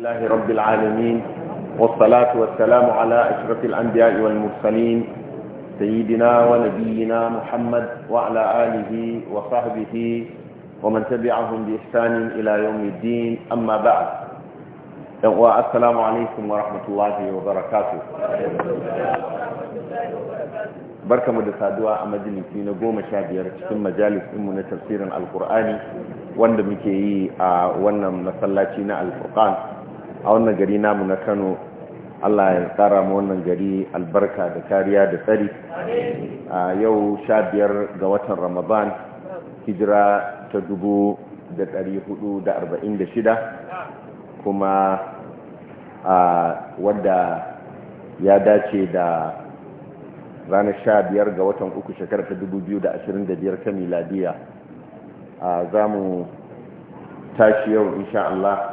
الله رب العالمين والصلاة والسلام على أشرف الأنبياء والمرسلين سيدنا ونبينا محمد وعلى آله وصحبه ومن تبعهم بإحسان إلى يوم الدين أما بعد السلام عليكم ورحمة الله وبركاته بركة mu da saduwa a majalisi na goma sha biyar cikin majalis mu na tafsirin الفرقان a wannan gari namu na kano allah ya tsara mu wannan gari albarka da kariya da tsari a yau sha biyar ga watan ramadan hijira ta dubu da ɗari hudu da arba'in da shida kuma a wadda ya dace da ranar sha biyar ga watan uku shekara ta dubu biyu da ashirin da biyar ta miladiya a za mu tashi yau insha Allah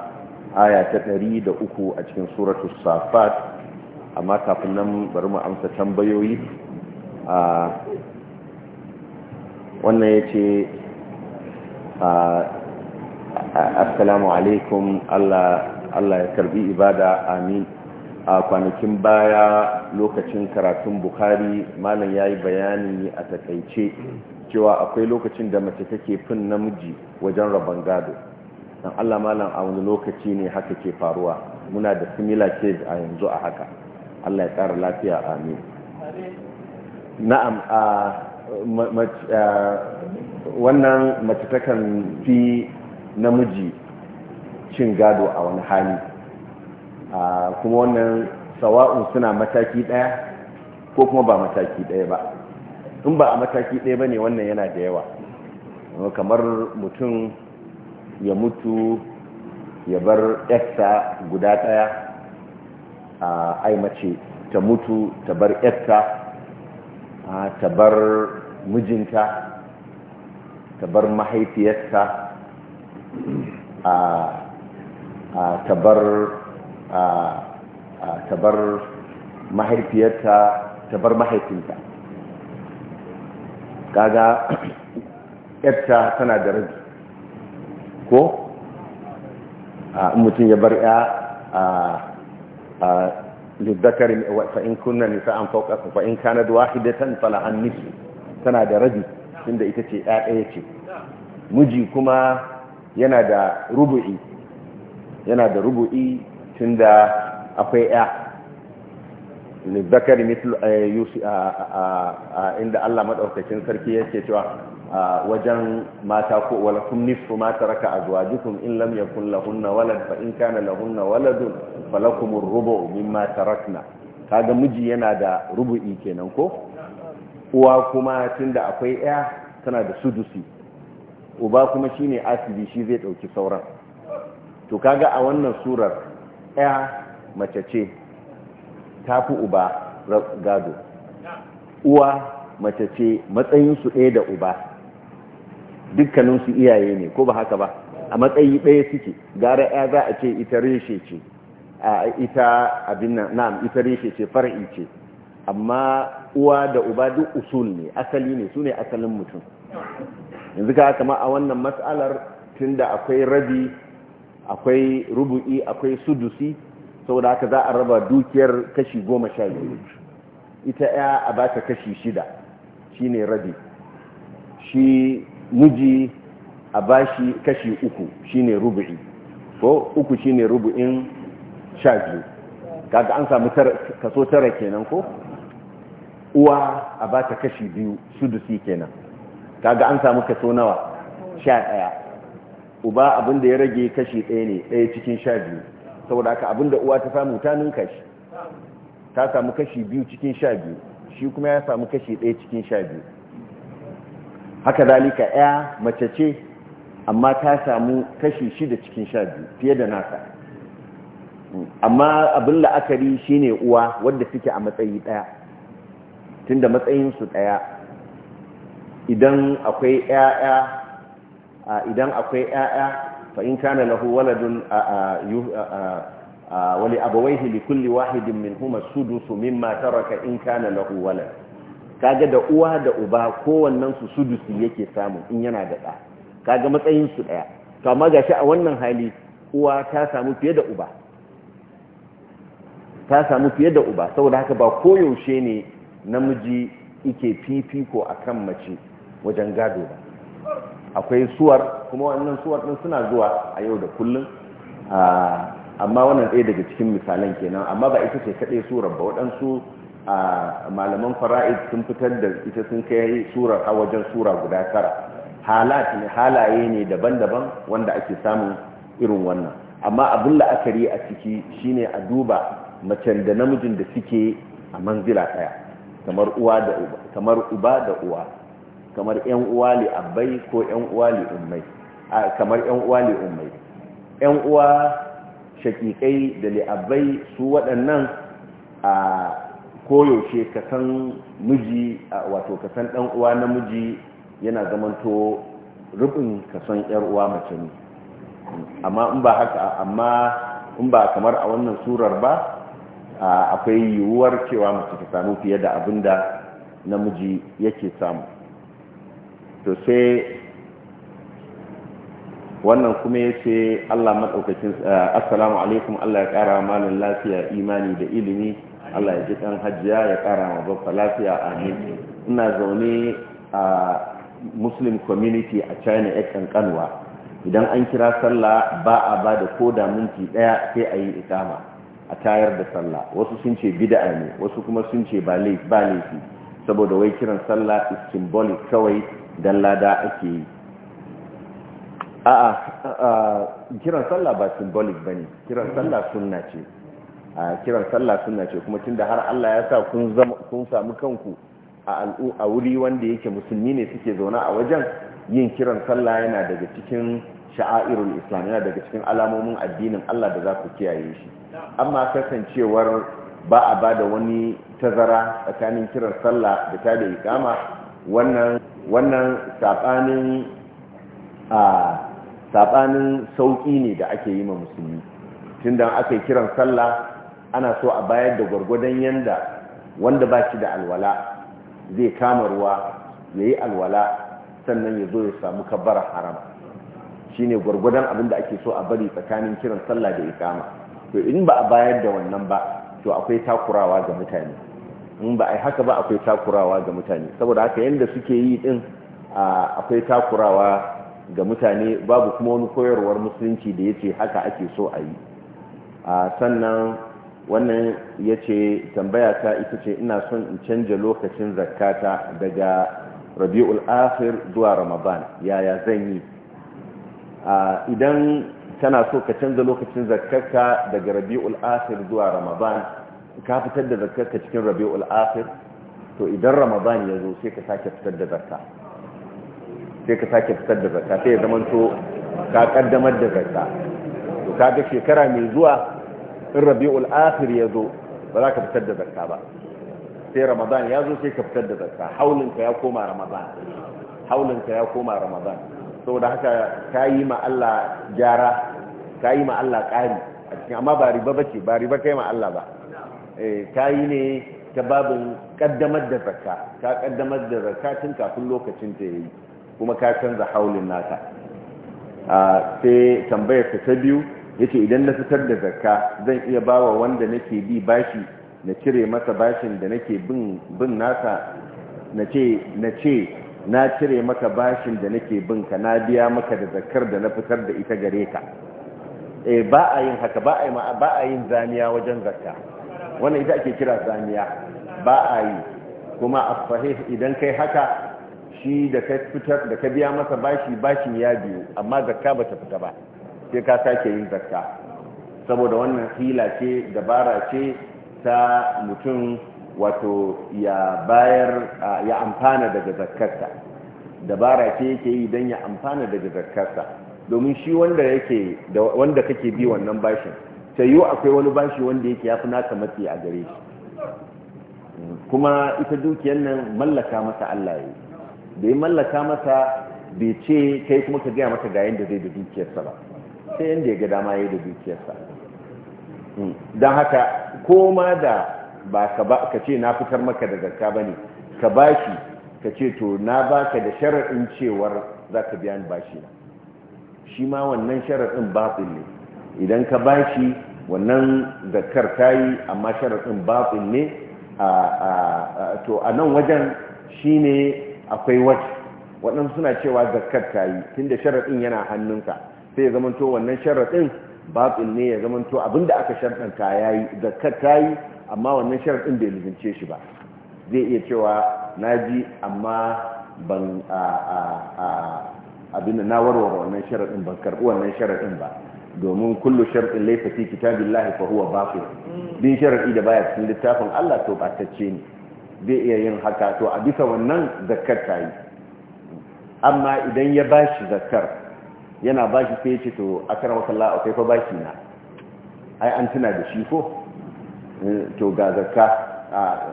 aya ta ɗari da uku a cikin suratul safat amma kafin nan bari mu amsa tambayoyi a wannan ya ce assalamu alaikum allah ya karbi ibada amin a kwanakin baya lokacin karatun bukari malam ya yi bayani a takaice cewa akwai lokacin da mace take fin namiji wajen rabon gado dan Allah malam a wani lokaci ne haka ke faruwa muna da similar case a yanzu a haka Allah ya tsara lafiya amin na'am a wannan mace fi namiji cin gado a wani hali kuma wannan sawa'un suna mataki daya ko kuma ba mataki daya ba in ba a mataki daya ba ne wannan yana da yawa kamar mutum ya mutu ya bar yarsa guda daya a aimace ta mutu ta bar yarta ta bar mijinta ta bar mahaifiyarta ta bar ta bar mahaifiyarta ta bar mahaifinta kaga yarta tana da rabi ko a ah, mutum ya bar ya a ah, ah, lizzakari fa'in kunna nisa an fauka fa'in kanar wahidatan an nisu tana da rabi inda ita ce ɗaya ce miji kuma yana da rubu'i yana da rubu'i tun da akwai ya lizzakari mislu eh, a inda allah maɗaukacin sarki yake cewa wajen mata ko walakum nisfu ma taraka azwajukum in lam yakun lahunna walad fa in kana lahunna waladun falakum ar-rubu mimma tarakna kaga miji yana da rubu'i kenan ko uwa kuma tunda akwai ɗaya tana da sudusi uba kuma shine asibi shi zai dauki sauran to kaga a wannan surar ɗaya mace ce tafi uba gado uwa mace ce su ɗaya da uba dukkaninsu iyaye ne ko ba haka ba a matsayi ɗaya suke gara ya za a ce ita reshe ce a ita abin nan ita reshe ce far'i ce amma uwa da uba duk usul ne asali ne su ne asalin mutum yanzu ka kama a wannan matsalar tunda akwai rabi akwai rubu'i akwai sudusi saboda haka za a raba dukiyar kashi goma sha biyu ita ya a ba ta kashi shida shi ne rabi shi miji a bashi kashi uku shine rubu'i ko uku shine rubu'in sha biyu kaga an samu kaso tara kenan ko uwa a bata kashi biyu sudusi kenan kaga an samu kaso nawa sha ɗaya uba abinda ya rage kashi ɗaya ne ɗaya cikin sha biyu saboda haka abinda uwa ta samu ta ninka shi ta samu kashi biyu cikin sha biyu shi kuma ya samu kashi ɗaya cikin sha biyu haka zalika ya mace ce amma ta samu kashi shida cikin sha biyu fiye da nasa amma abin la'akari shi ne uwa wadda suke a matsayi daya tunda matsayinsu daya idan akwai ya'ya idan akwai ya'ya fa in kana lahu waladun wali abawaihi li kulli wahidin minhum as-sudus mimma taraka in kana lahu waladun kaga da uwa da uba kowannen su sudusi yake samu in yana da ɗa kaga matsayin su ɗaya to amma gashi a wannan hali uwa ta samu fiye da uba ta samu fiye da uba saboda haka ba koyaushe ne namiji ike fifiko a kan mace wajen gado ba akwai suwar kuma wannan suwar ɗin suna zuwa a yau da kullum ah, amma wannan ɗaya daga cikin misalan kenan amma ba ita ce kaɗai surar ba waɗansu a malaman fara'id sun fitar da ita sun kai surar a wajen sura guda tara halat ne halaye ne daban-daban wanda ake samun irin wannan amma abin la'akari a ciki shine a duba mace da namijin da suke a manzila ɗaya kamar uwa da uba kamar uba da uwa kamar yan uwa li abbai ko yan uwa li ummai kamar yan uwa li ummai yan uwa shakikai da li abbai su waɗannan a koyaushe ka san miji wato ka san dan uwa namiji yana zamanto rubin ka san yar uwa mace ne amma in ba haka amma in ba kamar a wannan surar ba akwai yiwuwar cewa mace ta samu fiye da abinda namiji yake samu to sai wannan kuma ya ce allah maɗaukacin assalamu alaikum allah ya ƙara malin lafiya imani da ilimi Allah ya ji kan hajjiya ya kara ma babba lafiya amin ina zaune a muslim community a china ya kankanwa idan an kira sallah ba a ba da koda minti daya sai a yi ikama a tayar da sallah wasu sun ce bida'a ne wasu kuma sun ce ba laifi saboda wai kiran sallah is symbolic kawai dan lada ake yi a'a kiran sallah ba symbolic bane kiran sallah sunna ce a kiran sallah suna ce kuma tunda har Allah ya sa kun zama kun samu kanku a al'u a wuri wanda yake musulmi ne suke zauna a wajen yin kiran sallah yana daga cikin sha'airul islam yana daga cikin alamomin addinin Allah da za ku kiyaye shi amma kasancewar ba a bada wani tazara tsakanin kiran sallah da ta da ikama wannan wannan sabanin a sabanin sauki ne da ake yi ma musulmi tunda aka yi kiran sallah ana so a bayar da gwargwadon yanda wanda ba shi da alwala zai kama ruwa ya yi alwala sannan ya zo ya samu kabbara harama shi ne gwargwadon abin da ake so a bari tsakanin kiran sallah da ikama to in ba a bayar da wannan ba to akwai takurawa ga mutane in ba a yi haka ba akwai takurawa ga mutane saboda haka yadda suke yi din akwai takurawa ga mutane babu kuma wani koyarwar musulunci da ya ce haka ake so a yi sannan wannan ya ce tambaya ta ita ce ina son in canja lokacin zakata daga rabi'ul akhir zuwa ramadan yaya zan yi idan kana so ka canza lokacin zakarka daga rabi'ul akhir zuwa ramadan ka fitar da zakarka cikin rabi'ul akhir to idan ramadan ya zo sai ka sake fitar da zakka sai ka sake fitar da zakka sai ya zama to ka kaddamar da zakka to ga shekara mai zuwa in rabi'ul akhir ya zo ba za ka fitar da zakka ba sai ramadan ya zo sai ka fitar da zakka haulinka ya koma ramadan haulinka ya koma ramadan saboda haka ka yi ma Allah gyara ka yi ma Allah ƙari a cikin amma ba riba ce ba riba kai ma Allah ba eh, ka yi ne ta babin kaddamar da zakka ka kaddamar da zakka tun kafin lokacin ta yi kuma ka canza haulin naka ah, sai tambayar ta biyu yace idan na fitar da zakka zan iya bawa wanda nake bi bashi na cire masa bashin da nake bin bin nasa na ce na ce na cire maka bashin da nake bin ka na biya maka da zakkar da na fitar da ita gare ka eh ba a yin haka ba a yi ba a yin zaniya wajen zakka wannan ita ake kira zaniya ba a yi kuma a sahih idan kai haka shi da ka fitar da ka biya masa bashi bashin ya biyu amma zakka ba ta fita ba sai ka sake yin zakka saboda wannan hila ce dabara ce ta mutum wato ya bayar ya amfana daga zakkarsa dabara ce yake yi don ya amfana daga zakkarsa domin shi wanda yake wanda kake bi wannan bashin sai yiwu akwai wani bashi wanda yake ya fi naka matsi a gare shi kuma ita dukiyar nan mallaka masa Allah ya yi mallaka masa bai ce kai kuma ka gaya masa ga yadda zai da dukiyarsa ba sai yanda ya ga dama yi da dukiyarsa hmm. don haka koma da ba ka ce na fitar maka da ba ne ka bashi ka ce to na ba ka da shara'in cewar za ka biya ba bashi na shi ma wannan shara'in batil ne idan ka bashi wannan ta yi amma shara'in batil ne to a nan wajen shine akwai wata waɗansu suna cewa ta yi tun da shara'in yana hannunka sai ya zamanto wannan sharaɗin batil ne ya zamanto abinda aka sharɗanta ya yi zakar ta yi amma wannan sharaɗin bai lizince shi ba zai iya cewa na ji amma ban abinda na warware wannan sharaɗin ban karɓi wannan sharaɗin ba domin kullu sharaɗin laifa fi kitabillahi fa huwa bin mm. sharaɗi da baya cikin littafin Allah to tacce ne zai iya yin haka to a bisa wannan zakar ta yi amma idan ya ba shi zakar yana bashi sai ce to a karamar sallah akwai fa baki na ai an tuna da shi ko eh, to ga zakka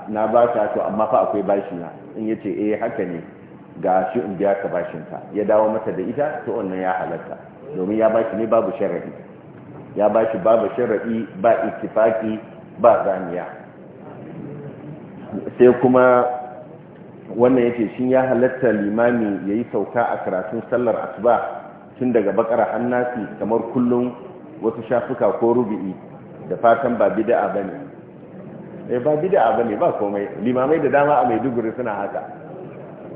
na baka to amma fa akwai bashi na in yace eh haka ne ga shi in biya ka bashin ka ya dawo mata da ita to wannan ya halatta domin ya bashi ne babu sharadi ya bashi babu sharadi ba ittifaki ba zaniya sai kuma wannan yace shin ya halatta limami yayi sauka a karatun sallar asuba tun daga bakara an nasi kamar kullum wasu shafuka ko rubi'i da fatan ba ba ne eh ba ba bane ba komai limamai da dama a Maiduguri suna haka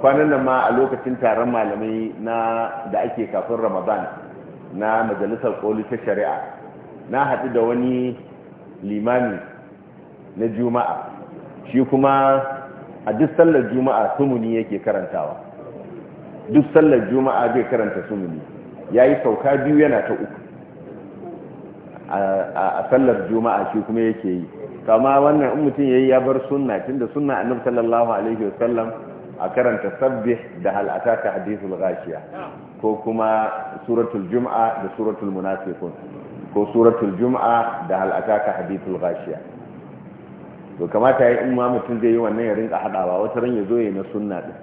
kwanan nan ma a lokacin taron malamai na da ake kafin Ramadan na majalisar koli ta shari'a na haɗu da wani limami na juma'a shi kuma a duk sallar juma'a sumuni yake karantawa duk sallar juma'a zai karanta sumuni ya yi sauka biyu yana ta uku a sallar juma'a shi kuma yake yi kama wannan in mutum ya yayi ya bar sunna tunda sunna annabi sallallahu alaihi wasallam a karanta sabbih da hal ataka hadithul ghashiya ko kuma suratul jum'a da suratul munafiqun ko suratul jum'a da hal ataka hadithul ghashiya to kamata yayi in ma mutum zai yi wannan ya rinka hadawa wata ran ya zo yayi na sunna din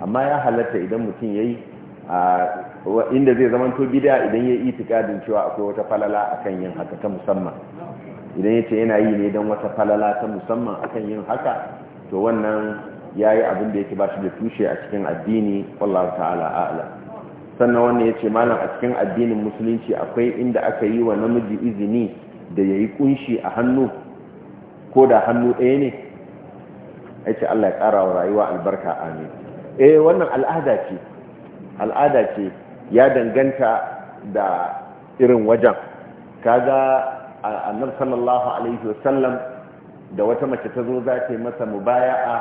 amma ya halatta idan mutum yayi a inda zai zama to bid'a idan ya yi itikadin cewa akwai wata falala akan yin haka ta musamman idan ya ce yana yi ne don wata falala ta musamman kan yin haka to wannan ya yi abin da yake ba shi da tushe a cikin addini Allah ta'ala a'ala sannan wannan ya ce malam a cikin addinin musulunci akwai inda aka yi wa namiji izini da ya yi kunshi a hannu ko da hannu ɗaya ne ya ce allah ya ƙara wa rayuwa albarka amin eh wannan al'ada ce al'ada ce ya danganta da irin wajen kaga annab sallallahu alaihi wasallam da wata mace ta zo za ta yi masa mubaya'a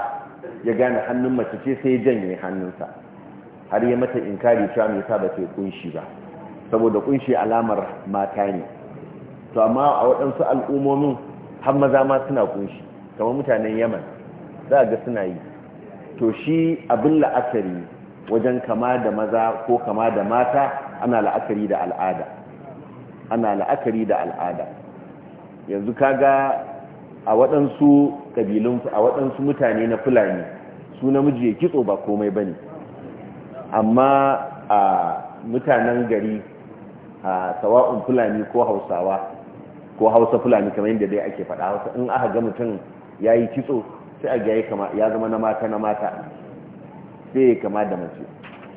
ya gane hannun mace ce sai ya janye hannunsa har yi mata inkari cewa mai sa ba ta yi kunshi ba saboda kunshi alamar mata ne to amma a waɗansu al'ummomin har maza ma suna kunshi kamar mutanen yaman za a ga suna yi to shi abin la'asari. wajen kama da maza ko kama da mata ana la'akari da al'ada ana la'akari da al'ada yanzu kaga a waɗansu ƙabilun a waɗansu mutane na fulani su namiji ya kitso ba komai ba ne, amma a mutanen gari a sawa'un fulani ko hausawa ko hausa fulani kamar yadda dai ake faɗa hausa in aka ga mutum ya yi kitso sai a ga ya zama na mata na mata sai ya kama da mace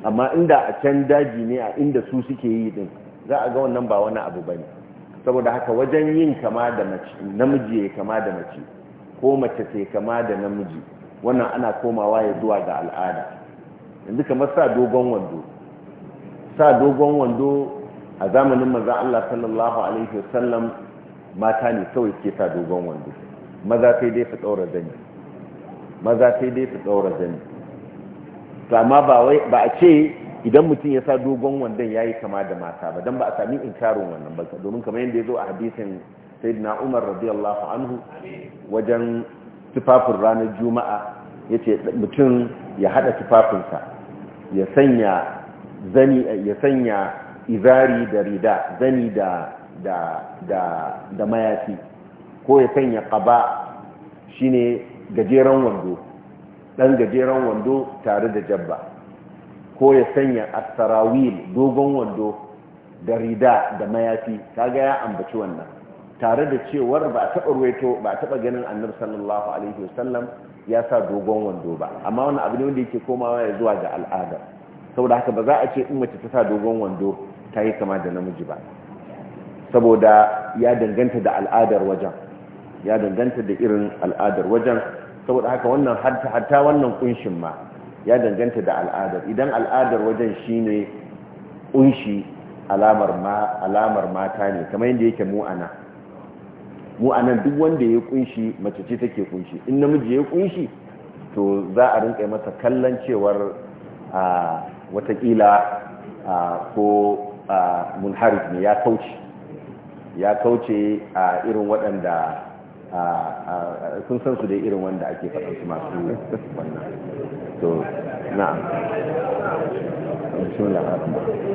amma inda a can daji ne a inda su suke yi din za a ga wannan ba wani abu bane saboda haka wajen yin kama da mace namiji ya kama da mace ko mace ta kama da namiji wannan ana komawa ya zuwa ga al'ada yanzu kamar sa dogon wando sa dogon wando a zamanin maza Allah sallallahu alaihi wasallam mata ne kawai suke sa dogon wando maza sai dai su daura zani maza sai dai su daura zani to amma ba a ce idan mutum ya sa dogon wandon yi kama da mata ba don ba a sami inkarin wannan ba domin kamar yadda ya zo a hadisin sayyidina Umar radiyallahu anhu wajen tufafin ranar juma'a ya ce mutum ya hada tufafinsa ya sanya zani ya sanya izari da rida zani da mayafi ko ya sanya ƙaba shine gajeren wando ɗan gajeren wando tare da jabba ko ya sanya asarawil dogon wando da rida da mayafi kaga ya ambaci wannan tare da cewar ba a taɓa ruwaito ba a taɓa ganin annabi sallallahu alaihi wasallam ya sa dogon wando ba amma wani abu ne wanda yake komawa ya zuwa ga al'ada saboda haka ba za a ce in mace ta sa dogon wando ta yi kama da namiji ba saboda ya danganta da al'adar wajen ya danganta da irin al'adar wajen saboda haka wannan hatta wannan kunshin ma ya danganta da al'adar idan al'adar wajen shine kunshi alamar mata ne kamar yadda yake mu ana duk wanda ya kunshi mace ce take kunshi in namiji ya kunshi to za a rinka masa kallon cewar a watakila ko munharif ne ya kauce ya kauce a irin waɗanda sun san su irin wanda ake faɗin su masu wannan to na'am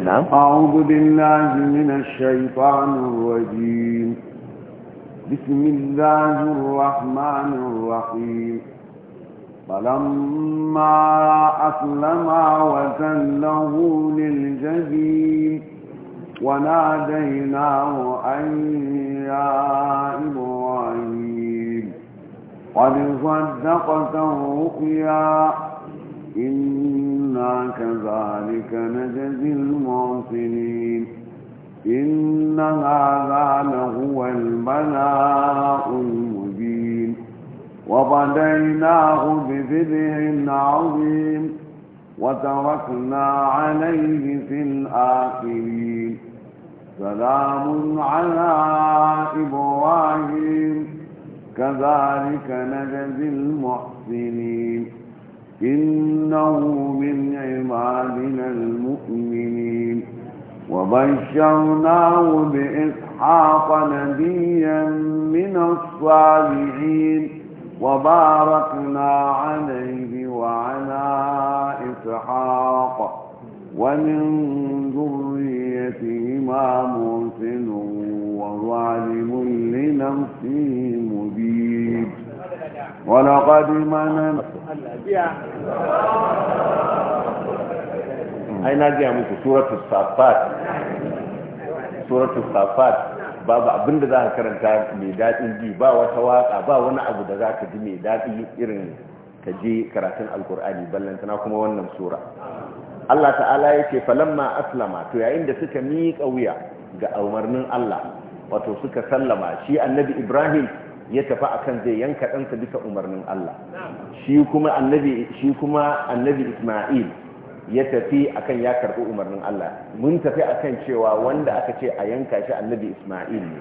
na'am a'udhu billahi minash shaitanir rajim bismillahir rahmanir rahim فلما أسلما وتله للجبين وناديناه أن يا إبراهيم قد صدقت الرؤيا إنا كذلك نجزي المعصنين إن هذا لهو البلاء المبين وبديناه بذبح عظيم وتركنا عليه في الآخرين سلام على إبراهيم كذلك نجزي المحسنين إنه من عبادنا المؤمنين وبشرناه بإسحاق نبيا من الصالحين وباركنا عليه وعلى إسحاق ومن ذريتهما محسنون وظالم لنفسه مبيد ولقد منن أين أجي أمك سورة الصافات سورة الصافات babu abin da za ka karanta mai daɗin ji ba wata waƙa ba wani abu da za ka ji mai daɗi irin ka je karatun alkur'ani ballantana kuma wannan sura Allah ta'ala ya ce falamma aslama to yayin da suka miƙa wuya ga umarnin Allah wato suka sallama shi annabi ibrahim ya tafi akan zai yanka ɗansa bisa umarnin allah shi kuma annabi isma'il ya tafi akan ya karbi umarnin allah mun tafi akan cewa wanda aka ce a yanka shi annabi isma'il ne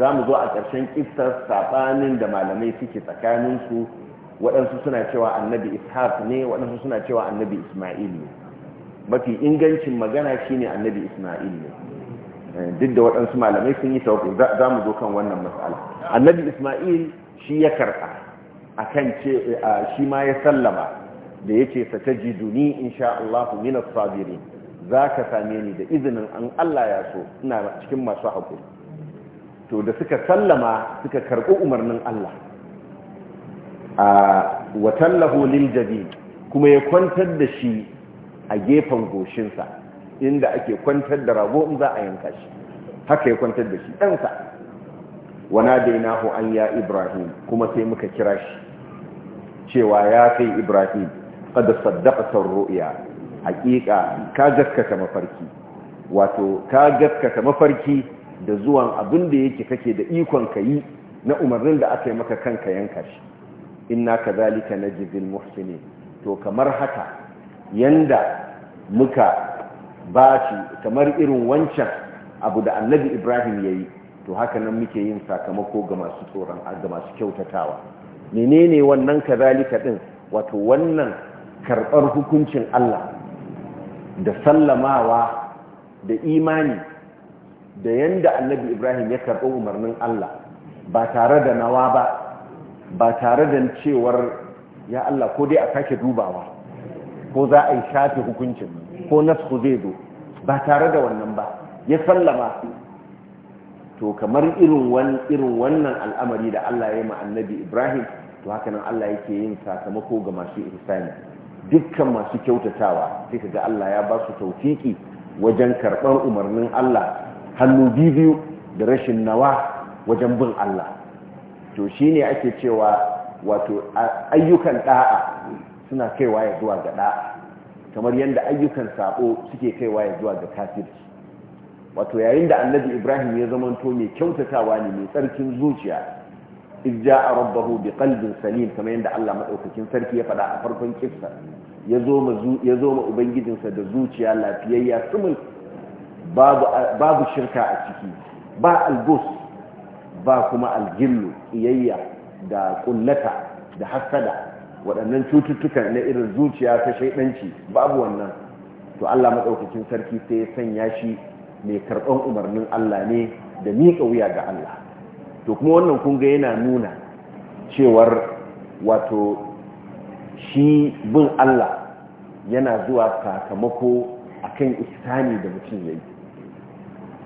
za mu zo a karshen kissar saɓanin da malamai suke tsakaninsu waɗansu suna cewa annabi ishaq ne waɗansu suna cewa annabi isma'il ne mafi ingancin magana shine annabi isma'il ne duk da waɗansu malamai sun yi sauƙi za mu zo kan wannan matsala annabi isma'il shi ya karɓa kan ce shi ma ya sallama da ta yace in insha Allah ku as-sabirin ka same ni da izinin an Allah ya so ina cikin masu haƙuri to da suka sallama suka karɓi umarnin Allah a watan lahulin jabi kuma ya kwantar da shi a gefen goshinsa inda ake kwantar da rago in za a yanka shi haka ya kwantar da shi ɗansa wana dainahu an ya ibrahim kuma sai muka kira shi cewa ya kai ibrahim kada saddaqatar ru'ya Hakika ka gaskata mafarki wato ka gaskata mafarki da zuwan abin da yake kake da ikon ka yi na umarnin da aka yi maka kanka yanka shi inna kadhalika na muhsinin to kamar haka yanda muka baci kamar irin wancan abu da annabi ibrahim ya yi to haka nan muke yin sakamako ga masu tsoron ga masu kyautatawa ne wannan kazalika ɗin wato wannan karɓar hukuncin allah da sallamawa da imani da yanda annabi ibrahim ya karɓi umarnin allah ba tare da nawa ba ba tare da cewar ya allah ko dai a sake dubawa ko za a yi shafe hukuncin ko nasu zai zo ba tare da wannan ba ya sallama to kamar irin wannan al'amari da Allah ya yi ma annabi Ibrahim to haka nan Allah yake yin sakamako ga masu irisani dukkan masu kyautatawa sai ga Allah ya ba su tawfiki wajen karɓar umarnin Allah hannu biyu da rashin nawa wajen bin Allah to shine ake cewa wato ayyukan ɗa'a suna kaiwa ya zuwa ga ɗa'a. kamar yadda ayyukan sabo suke kaiwa ya zuwa ga kafirci wato yayin da annabi ibrahim ya zamanto mai kyautatawa ne mai tsarkin zuciya iz a rabbahu bi qalbin salim kamar yadda Allah madaukakin sarki ya faɗa a farkon kissa ya zo ma ma ubangijinsa da zuciya lafiyayya sumul babu babu shirka a ciki ba albus ba kuma aljillu iyayya da kullata da hasada waɗannan cututtuka na irin zuciya ta shaidanci babu wannan to Allah maɗaukacin sarki sai ya sanya shi mai karɓar umarnin Allah ne da miƙa wuya ga Allah to kuma wannan kunga yana nuna cewar wato shi bin Allah yana zuwa sakamako akan istani da mutum yayi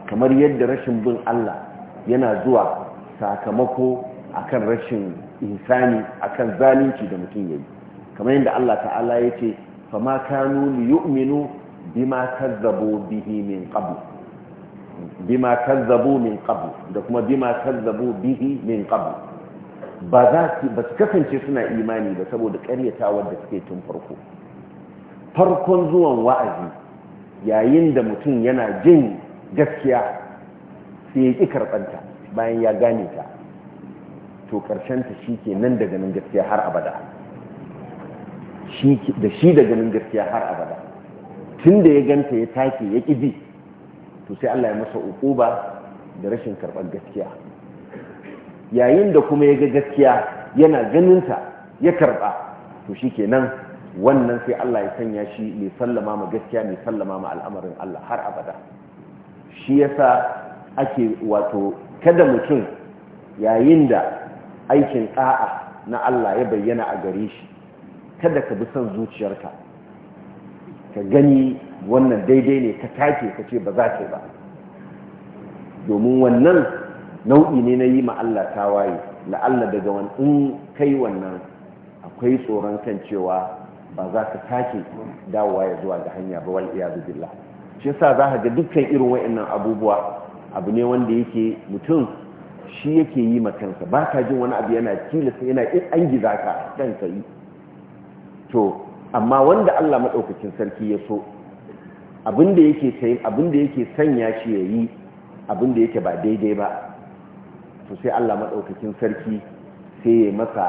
kamar yadda rashin bin Allah yana zuwa sakamako akan rashin insani akan zalunci da mutum yayi kamar yadda Allah ta'ala ya ce ma kanu li yu'minu bima kazzabu bihi min qabl bima kazzabu min qabl da kuma bima kazzabu bihi min qabl ba za su ba su kasance suna imani ba saboda karyatawar da suke tun farko farkon zuwan wa'azi yayin da mutum yana jin gaskiya sai ya ƙi karɓanta bayan ya gane ta to karshen ta shi ke nan da ganin gaskiya har abada da shi da ganin gaskiya har abada tun da ya ganta ya take ya bi, to sai Allah ya masa uquba da rashin karɓar gaskiya yayin da kuma ya ga gaskiya yana ganinta ya karɓa to shi ke nan wannan sai Allah ya sanya shi mai sallama ma gaskiya mai sallama ma al'amarin Allah har abada shi yasa ake wato kada mutum yayin da aikin ɗa'a na Allah ya bayyana a gare shi kada ka bi son zuciyarka ka gani wannan daidai ne ka take ka ce ba za ta ba domin wannan nau'i ne na yi ma Allah ta waye, la'alla daga wani kai wannan akwai tsoron kan cewa ba za ka take dawowa ya zuwa ga hanya ba wani iyadu billah shi yasa za ka ga dukkan irin wa'annan abubuwa abu ne wanda yake mutum shi yake yi ma kansa ba ka jin wani abu yana tilasta yana in an giza ka dan ka to amma wanda Allah madaukakin sarki ya so abin da yake sayin abin da yake sanya shi ya yi abin da yake ba daidai ba to sai Allah madaukakin sarki sai ya masa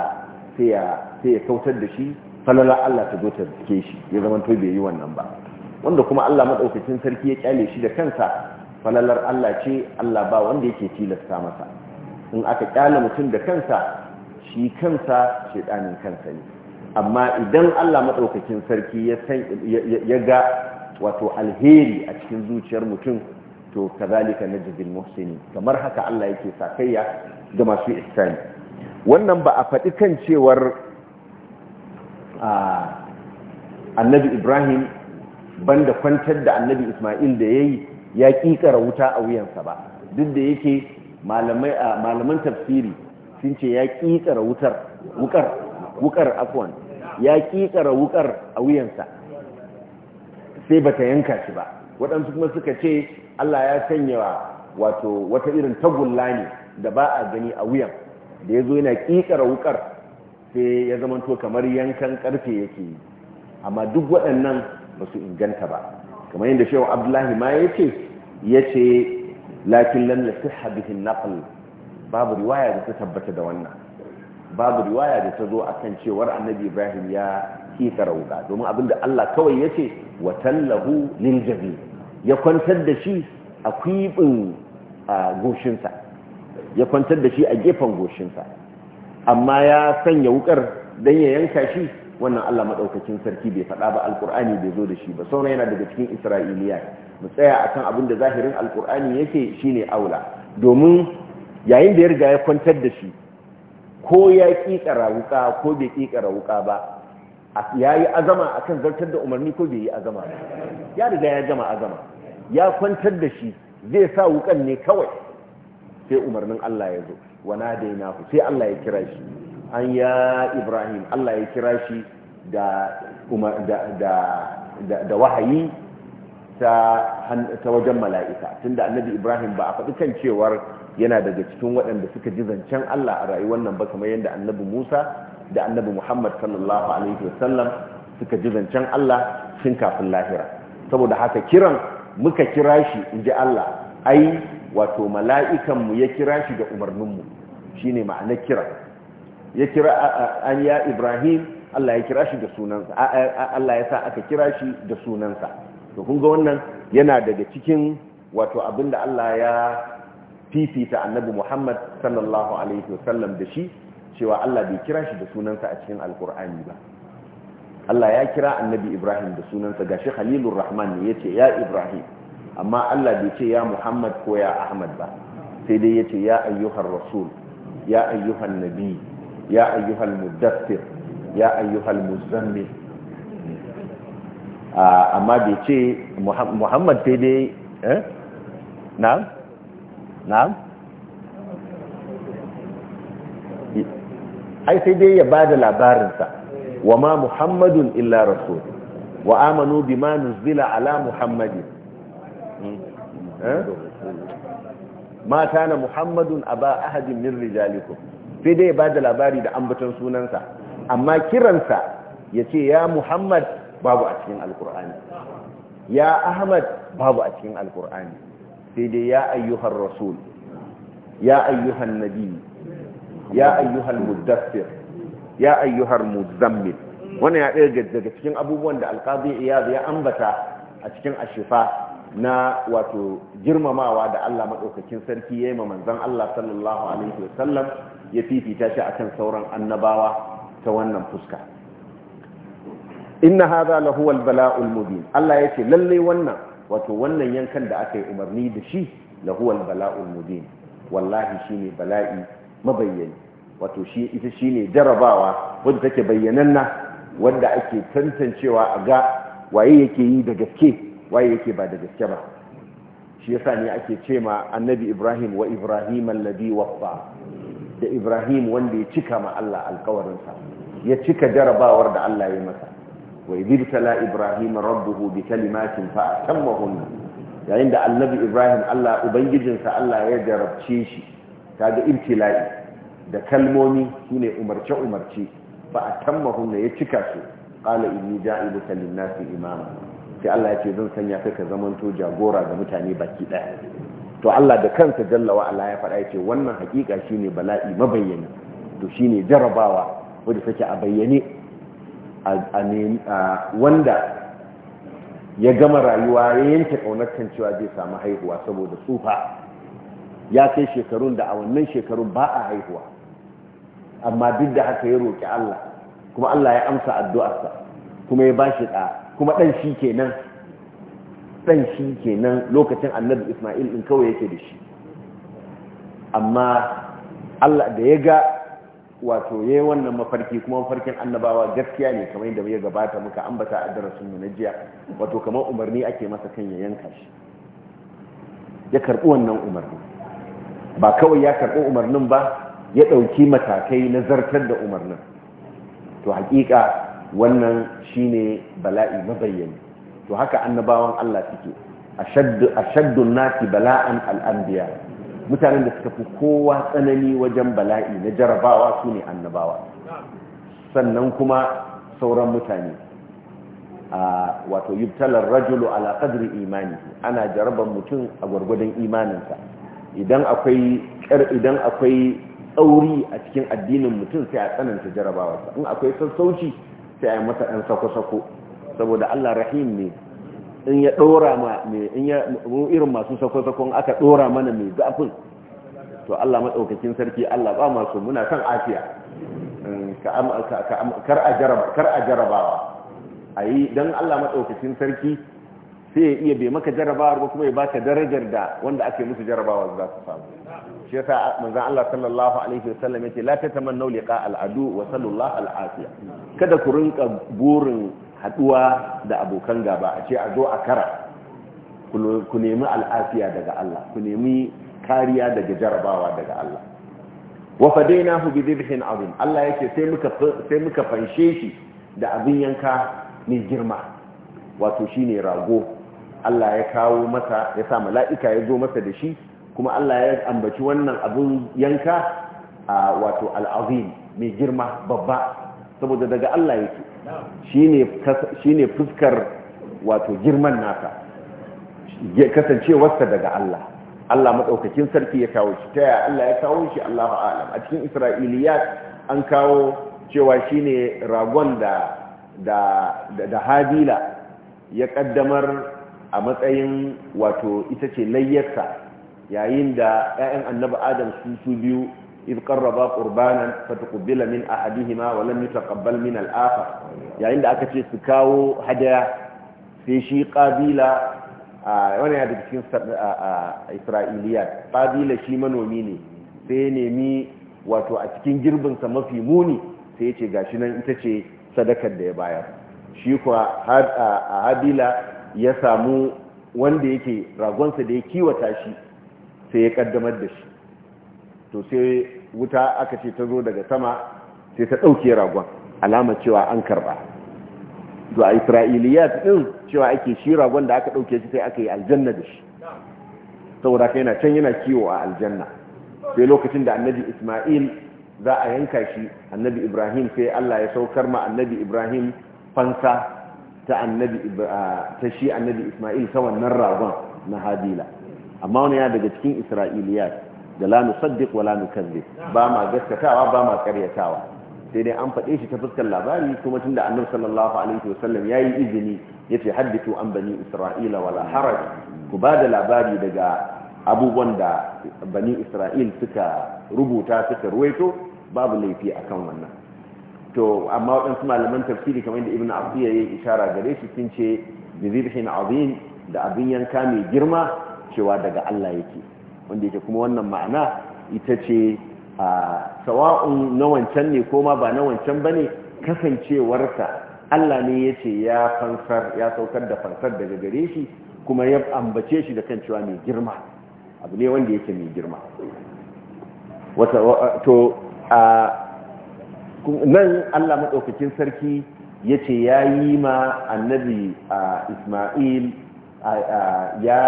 sai ya kautar da shi falala Allah ta zo ta ke shi ya zama to bai yi wannan ba wanda kuma Allah madaukakin sarki ya kyale shi da kansa falalar Allah ce Allah ba wanda yake tilasta masa in aka kyala mutum da kansa shi kansa shedanin kansa ne amma idan Allah madaukakin sarki ya ga wato alheri a cikin zuciyar mutum to kazalika jirgin muhsini kamar haka Allah yake sakayya ga masu ihsani wannan ba a faɗi kan cewar annabi Ibrahim banda kwantar da annabi Ismail da yayi ya ƙiƙara wuta a wuyansa ba duk da yake malamai a malaman tafsiri sun ce ya kikara wutar wukar wukar afwan ya kikara wukar a wuyansa sai bata yanka shi ba waɗansu kuma suka ce Allah ya sanya wato wata irin tagulla ne da ba a gani a wuyan da ya zo yana kikara wukar sai ya zamanto kamar yankan karfe yake yi amma duk waɗannan ba su inganta ba kamar yadda shehu abdullahi ma ya ce ya ce lakin lam yasihha bihi an-naql babu riwaya da ta tabbata da wannan babu riwaya da ta zo akan cewar annabi Ibrahim ya kika rauka domin abinda Allah kawai yace wa tallahu lil jabi ya kwantar da shi a kwibin goshinsa ya kwantar da shi a gefen goshinsa amma ya sanya wukar dan ya yanka shi wannan Allah madaukakin sarki bai faɗa ba alqur'ani bai zo da shi ba sauran yana daga cikin isra'iliya mu tsaya akan abin da zahirin alqur'ani yake shine aula domin yayin da ya riga ya kwantar da shi ko ya kikara wuka ko bai kikara wuka ba yayi azama akan zartar da umarni ko bai yi azama ya riga ya gama azama ya kwantar da shi zai sa wukan ne kawai sai umarnin Allah ya zo wana daina ku sai Allah ya kira shi an ya ibrahim allah ya kira shi da wahayi ta wajen mala'ika tunda annabi ibrahim ba a faɗi kan cewar yana daga cikin waɗanda suka ji zancen allah a rayuwar nan ba kamar yadda annabi musa da annabi muhammad sallallahu alaihi wasallam suka ji zancen allah sun kafin lahira saboda haka kiran muka kira shi in ji allah ai wato mala'ikanmu ya kira shi da umarninmu shine ma'anar kiran ya kira an ya ibrahim allah ya kira shi da sunansa allah ya sa aka kira shi da sunansa to kun ga wannan yana daga cikin wato abinda allah ya fifita annabi muhammad sallallahu alaihi wasallam da shi cewa allah bai kira shi da sunansa a cikin alkur'ani ba allah ya kira annabi ibrahim da sunansa gashi khalilur rahman ne yace ce ya ibrahim amma allah bai ce ya muhammad ko ya ahmad ba sai dai yace ya ayyuhar rasul ya ayyuhan nabi ya ayyuhal muddathir ya ayyuhal muzammil amma bai ce muhammad sai dai eh na'am ai sai dai ya bada labarinsa wa ma muhammadun illa rasul wa amanu bima nuzila ala muhammadin ma muhammadun ahadin sai dai ya ba da labari da ambaton sunansa amma kiransa ya ce ya muhammad babu a cikin alkur'ani ya ahmad babu a cikin alkur'ani sai dai ya ayyuhar rasul ya ayyuhar nabi ya ayyuhar muddassir ya ayyuhar muzammil wannan ya ɗaya daga cikin abubuwan da alkazi iyaz ya ambata a cikin ashifa na wato girmamawa da Allah maɗaukakin sarki ya yi ma manzan Allah sallallahu alaihi wasallam ya fifita shi kan sauran annabawa ta wannan fuska inna haza lahu al-bala'ul mubin Allah yace lalle wannan wato wannan yankan da aka yi umarni da shi lahuwal al-bala'ul mubin wallahi shine bala'i mabayyani wato shi ita shine jarabawa wanda take bayyananna wanda ake tantancewa a ga waye yake yi da gaske waye yake ba da gaske ba shi yasa ne ake ce ma annabi Ibrahim wa Ibrahim alladhi waffa da Ibrahim wanda ya cika ma Allah alkawarinsa ya cika jarabawar da Allah ya masa wa tala Ibrahim rabbuhu bi kalimatin fa atammahun yayin da annabi Ibrahim Allah ubangijinsa Allah ya jarabce shi kaga ibtila'i da kalmomi shine umarce umarce fa atammahun ya cika su qala inni ja'iluka lin-nasi imama sai Allah ya ce zan sanya ka ka zamanto jagora ga mutane baki daya to Allah da kansa jalla wa Allah ya faɗa ya ce wannan hakika shine bala'i mabayyani to shine jarabawa wanda take a bayyane a wanda ya gama rayuwa ya yanke kaunar kan cewa zai samu haihuwa saboda tsufa ya kai shekarun da a wannan shekarun ba a haihuwa amma duk da haka ya roƙi Allah kuma Allah ya amsa addu'arsa kuma ya bashi ɗa kuma ɗan shi kenan San shi kenan lokacin annabi isma'il ɗin kawai yake da shi amma allah da ya ga wato ya wannan mafarki kuma mafarkin annabawa gaskiya ne kamar yadda ya gabata muka ambata a darasinmu na jiya wato kamar umarni ake masa kan ya yanka shi ya karbi wannan umarni ba kawai ya karɓi umarnin ba ya ɗauki matakai na zartar da umarnin to hakika wannan shine bala'i mabayyana to haka annabawan Allah suke shaddun nasi bala'an al'anbiya mutanen da suka fi kowa tsanani wajen bala'i na jarabawa su ne annabawa sannan kuma sauran mutane wato yubtalar rajulu ala qadri imani ana jaraban mutum a gwargwadon imaninsa idan akwai idan akwai tsauri a cikin addinin mutum sai a tsananta jarabawarsa in akwai sassauci sai a yi masa ɗan sako-sako saboda Allah rahim ne in ya dora ma me in ya irin masu sako-sakon aka dora mana mai zafin to Allah madaukakin sarki Allah ba masu muna kan afiya mm, kar a jaraba kar a jarabawa ayi dan Allah madaukakin sarki sai ya iya bai maka jarabawa ba kuma ya baka darajar da wanda ake musu jarabawa za su samu shi yasa manzon Allah sallallahu alaihi wasallam yake la tatamannu liqa al-adu wa sallallahu al-afiya kada ku rinka burin haduwa da abokan gaba a ce a zo a kara ku nemi al'afiya daga Allah ku nemi kariya daga jarabawa daga Allah wa hu bi dhibhin azim Allah yake sai muka sai muka fanshe shi da abin yanka mai girma wato shine rago Allah ya kawo masa ya sa mala'ika ya zo masa da shi kuma Allah ya ambaci wannan abin yanka wato al'azim mai girma babba saboda daga Allah yake ne fuskar wato girman nasa kasancewarsa daga Allah Allah maɗaukakin sarki ya kawo shi ta Allah ya kawo shi Allahu alam a cikin Isra'iliyat an kawo cewa shi ne ragon da da Habila ya ƙaddamar a matsayin wato ita ce layyarsa yayin da 'ya'yan annabi Adam su su biyu إذ قربا قربانا فتقبل من أحدهما ولم يتقبل من الآخر يعني عند أكتش سكاو هدايا في شي قابيلة wani ya daga cikin isra'iliya ƙabila shi manomi ne sai nemi wato a cikin girbinsa mafi muni sai ya ce gashi nan ita ce sadakar da ya bayar shi kuwa a habila ya samu wanda yake ragonsa da ya kiwata shi sai ya kaddamar da shi to sai wuta aka ce ta zo daga sama sai ta ɗauke ragon alama cewa an karba to a isra'iliyat ɗin cewa ake shi ragon da aka ɗauke shi sai aka yi aljanna da shi saboda ka yana can yana kiwo a aljanna sai lokacin da annabi isma'il za a yanka shi annabi ibrahim sai allah ya saukar ma annabi ibrahim fansa ta annabi ta shi annabi isma'il ta wannan ragon na Habila. amma wani ya daga cikin isra'iliyat da la nusaddiq wa la nukazzib ba ma gaskatawa ba ma karyatawa sai dai an faɗe shi ta fuskar labari kuma tunda annabi sallallahu alaihi wasallam yayi izini yace haddithu an bani isra'ila wala haraj ku ba da labari daga abubuwan da bani isra'il suka rubuta suka ruwaito babu laifi akan wannan to amma waɗansu malaman tafsiri kamar da ibn afiya ya ishara gare shi sun ce bizirhin azim da abin yanka mai girma cewa daga Allah yake wanda yake kuma wannan ma'ana ita ce sawa'un na wancan ne ko ma ba na wancan ba ne kasancewarsa Allah ne ya ce ya fansar ya saukar da fansar daga gare shi kuma ya ambace shi da kan cewa mai girma abu ne wanda yake mai girma to nan Allah maɗaukakin sarki ya ce ya yi ma annabi ismail ya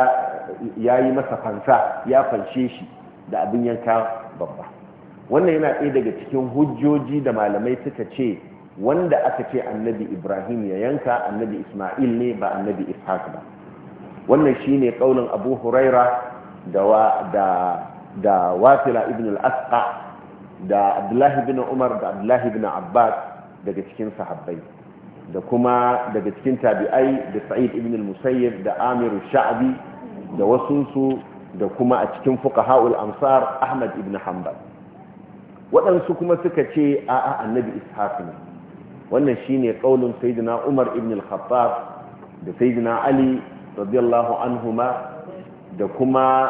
ya yi masa fansa ya fanshe shi da abin yanka babba wannan yana ɗaya daga cikin hujjoji da malamai suka ce wanda aka ce annabi ibrahim ya yanka annabi isma'il ne ba annabi ishaq ba wannan shi ne ƙaunin abu huraira da da wasila ibn al-asqa da abdullahi ibn umar da abdullahi ibn abbas daga cikin sahabbai da kuma daga cikin tabi'ai da sa'id ibn al-musayyib da amir sha'bi da wasunsu da kuma a cikin fuka ha'ul amsar Ahmad ibn Hanbal waɗansu kuma suka ce a'a annabi ishaq ne wannan ne ƙaunin sayyidina Umar ibn al-Khattab da sayyidina Ali radiyallahu anhuma da kuma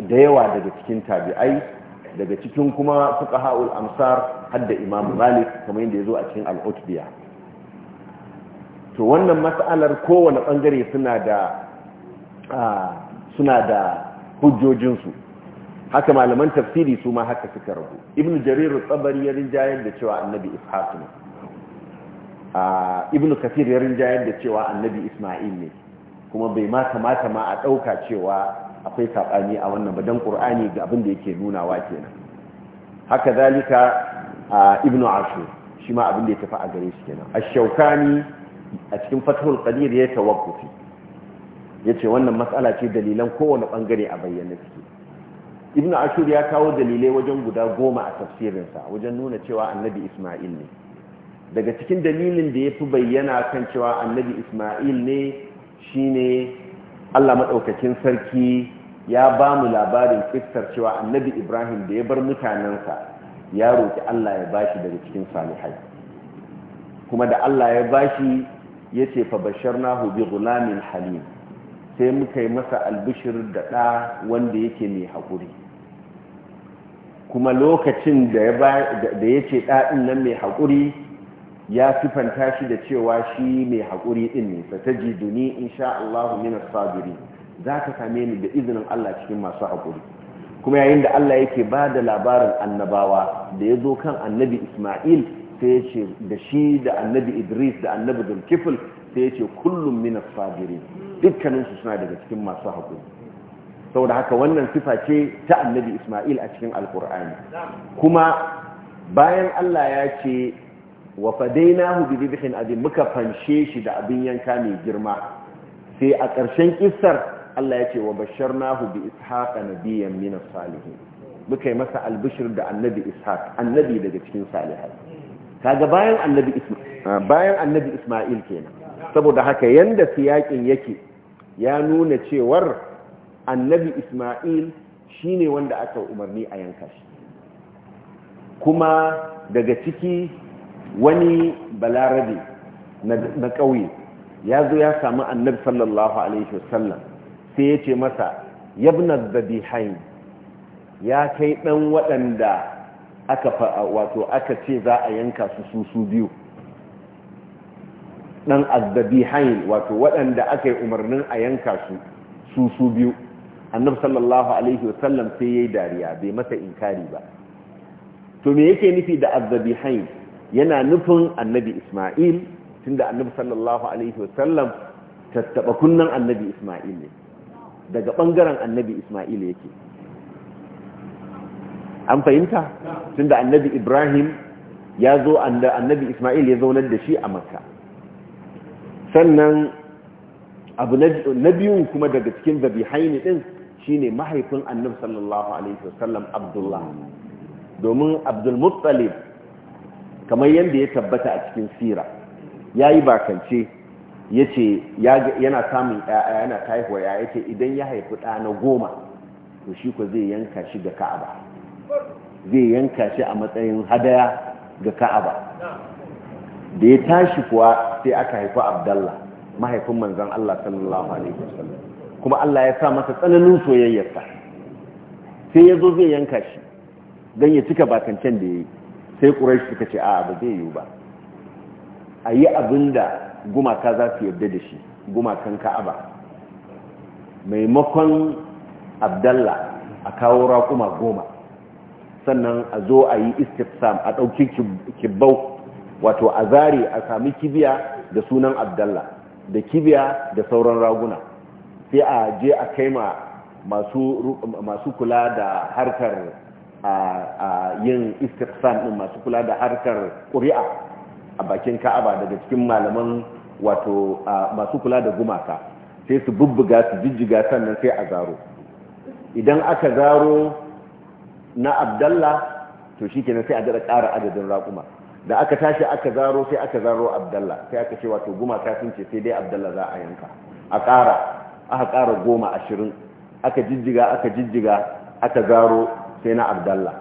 da yawa daga cikin tabi'ai daga cikin kuma fuka ha'ul amsar hadda Imam Malik kamar yadda ya zo a cikin al to wannan mas'alar kowane bangare suna da ah, suna da hujjojinsu haka malaman tafsiri su ma haka suka rabu ibn jarir tsabar ya da cewa annabi ishaq ne ibn kafir ya rinjayar da cewa annabi isma'il ne kuma bai ma kamata ma a ɗauka cewa akwai saɓani a wannan ba don ƙur'ani ga abin da yake nunawa kenan haka zalika ibn ashur shi ma abin da ya tafi a gare shi kenan ash-shawkani a cikin fathul qadir ya tawaqqufi ya ce wannan matsala ce dalilan kowane ɓangare a bayyana suke ibn ashur ya kawo dalilai wajen guda goma a tafsirinsa wajen nuna cewa annabi isma'il ne daga cikin dalilin da ya fi bayyana kan cewa annabi isma'il ne shine allah maɗaukakin sarki ya ba mu labarin kistar cewa annabi ibrahim da ya bar mutanensa ya roƙi allah ya ba shi daga cikin salihai kuma da allah ya ba shi ya ce fa bashar nahu bi gulamin halim sai muka yi masa albishir da ɗa wanda yake mai haƙuri kuma lokacin da ya ce ɗaɗin nan mai haƙuri ya fanta shi da cewa shi mai haƙuri ɗin ne ta ji duni in sha Allah minas sabiri za ka same ni da izinin Allah cikin masu haƙuri kuma yayin da Allah yake ba da labarin annabawa da ya zo kan annabi Ismail sai ya ce da shi da annabi Idris da annabi Zulkifil sai ya ce kullum minas sabiri dukkaninsu suna daga cikin masu haƙuri saboda haka wannan sifa ce ta annabi ismail a cikin alkur'ani kuma bayan allah ya ce wa fadaina hu bibihin abin muka fanshe shi da abin yanka mai girma sai a ƙarshen kissar allah ya ce wa basharnahu bi ishaqa nabiyyan minas salihin muka yi masa albishir da annabi ishaq annabi daga cikin salihai kaga bayan bayan annabi isma'il kenan saboda haka yanda siyakin yake ya nuna cewar annabi isma'il shine wanda aka umarni a yanka shi kuma daga ciki wani balarabe na ƙauye ya zo ya samu annabi sallallahu alaihi wasallam sai ya ce masa yabnar bihain. ya kai ɗan waɗanda aka wato aka ce za a yanka su su su biyu dan azzabihain wato waɗanda aka yi umarnin a yanka su su su biyu annab sallallahu alaihi wasallam sai yayi dariya bai masa inkari ba to me yake nufi da azzabihain yana nufin annabi isma'il tunda annab sallallahu alaihi wasallam tattaba kunnan annabi isma'il ne daga bangaren annabi isma'il yake an fahimta tunda annabi ibrahim ya zo annabi isma'il ya zaunar da shi a makka sannan abu na biyun kuma daga cikin zabi, ɗin din ne mahaifin annabi sallallahu alaihi wasallam abdullah domin abdulmuttalib kamar yadda ya tabbata a cikin sira ya yi bakance ya ce yana samun ɗaya yana haihuwa ya ce idan ya haifi ɗa na goma to shi ko zai yanka shi ga ka'aba zai yanka shi a matsayin hadaya ga ka'aba da ya tashi kuwa sai aka haifi abdallah mahaifin manzan Allah sallallahu alaihi wasallam kuma Allah ya sa masa tsananin soyayyarsa sai ya zo zai yanka shi don ya cika bakancen da ya yi sai ƙuraishi suka ce a ba zai yiwu ba a yi abin da gumaka za su yarda da shi gumakan ka'aba maimakon abdallah a kawo raƙuma goma sannan a zo a yi istifsam a ɗauki kibbau wato a zari a sami kibiya da sunan abdallah da kibiya da sauran raguna sai a je a kai ma masu kula da harkar yin istifsan din masu kula da harkar kuri'a a bakin ka'aba daga cikin malaman wato masu kula da gumaka sai su bubbuga su jijjiga sannan sai a zaro idan aka zaro na abdallah to shi sai a daɗa ƙara adadin raƙuma da aka tashi aka zaro sai aka zaro abdalla sai aka ce wato guma kafin ce sai dai abdalla za a yanka a ƙara aka ƙara goma ashirin aka jijjiga aka jijjiga aka zaro sai na abdalla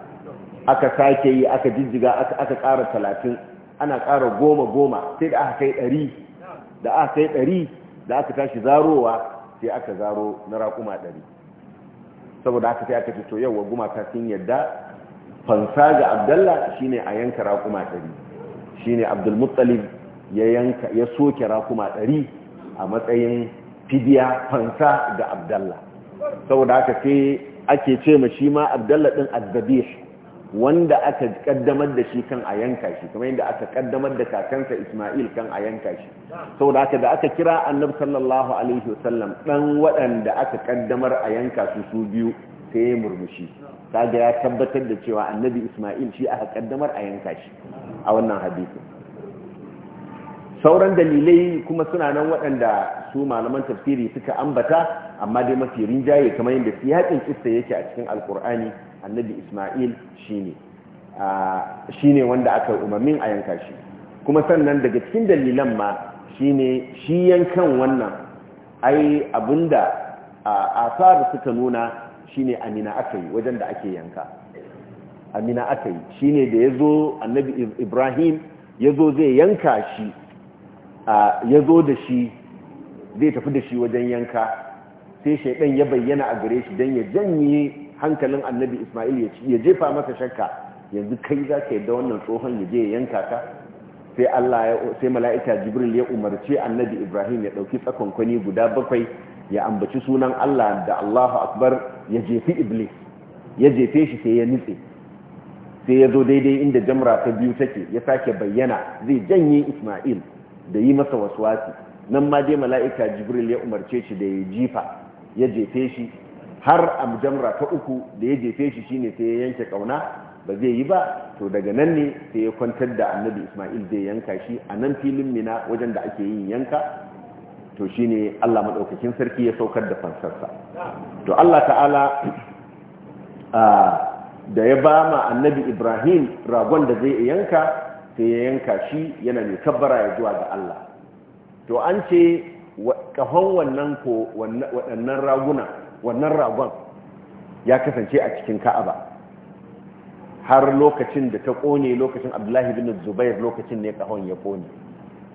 aka sake yi aka jijjiga aka ƙara talatin ana ƙara goma goma sai da aka kai ɗari da aka kai ɗari da aka tashi zarowa sai aka zaro na raƙuma ɗari saboda aka sai aka ce to yau wa kafin sun yadda fansa ga abdalla shine a yanka raƙuma ɗari shine abdulmuttalib ya yanka ya soke raƙuma ɗari a matsayin fidiya fansa ga abdalla saboda haka sai ake ce ma shi ma abdalla ɗin azzabih wanda aka kaddamar da shi kan a yanka shi kamar yadda aka kaddamar da kakansa isma'il kan a yanka shi saboda haka da aka kira annabi sallallahu alaihi wasallam ɗan waɗanda aka kaddamar a yanka su su biyu sai ya murmushi kaga ya tabbatar da cewa annabi isma'il shi aka kaddamar a yanka shi a wannan hadisi sauran dalilai kuma suna nan waɗanda su malaman tafsiri suka ambata amma dai mafi rinjaye kamar yadda siyaƙin kissa yake a cikin alkur'ani annabi isma'il shine shine wanda aka umarnin a yanka shi kuma sannan daga cikin dalilan ma shine shi yankan wannan ai abinda asar suka nuna shine amina aka yi wajen da ake yanka amina aka yi shine da ya zo annabi ibrahim ya zo zai yanka shi ya zo da shi zai tafi da shi wajen yanka sai shaidan ya bayyana a gare shi don ya janye hankalin annabi ismail ya jefa masa shakka yanzu kai za ka yadda wannan tsohon ya je yanka ka sai Allah sai mala'ika jibril ya umarci annabi ibrahim ya ɗauki tsakonkwani guda bakwai ya ambaci sunan Allah da Allahu akbar ya jefi iblis ya jefe shi sai ya nitse sai ya zo daidai inda jamra ta biyu take ya sake bayyana zai janye isma'il da yi masa wasi nan ma dai mala'ika jibril ya umarce shi da ya jifa ya jefe shi har a jamra ta uku da ya jefe shi shine sai ya yanke kauna ba zai yi ba to daga nan ne sai ya kwantar da annabi isma'il zai yanka shi a nan filin mina wajen da ake yin yanka to shine allah maɗaukakin sarki ya saukar da fansarsa to Allah ta'ala da ya ba ma annabi Ibrahim ragon da zai yanka sai ya yanka shi yana mai kabbara ya zuwa ga Allah to an ce kafan wannan ko waɗannan raguna wannan ragon ya kasance a cikin Ka'aba har lokacin da ta kone lokacin Abdullahi bin Zubair lokacin ne kahon ya kone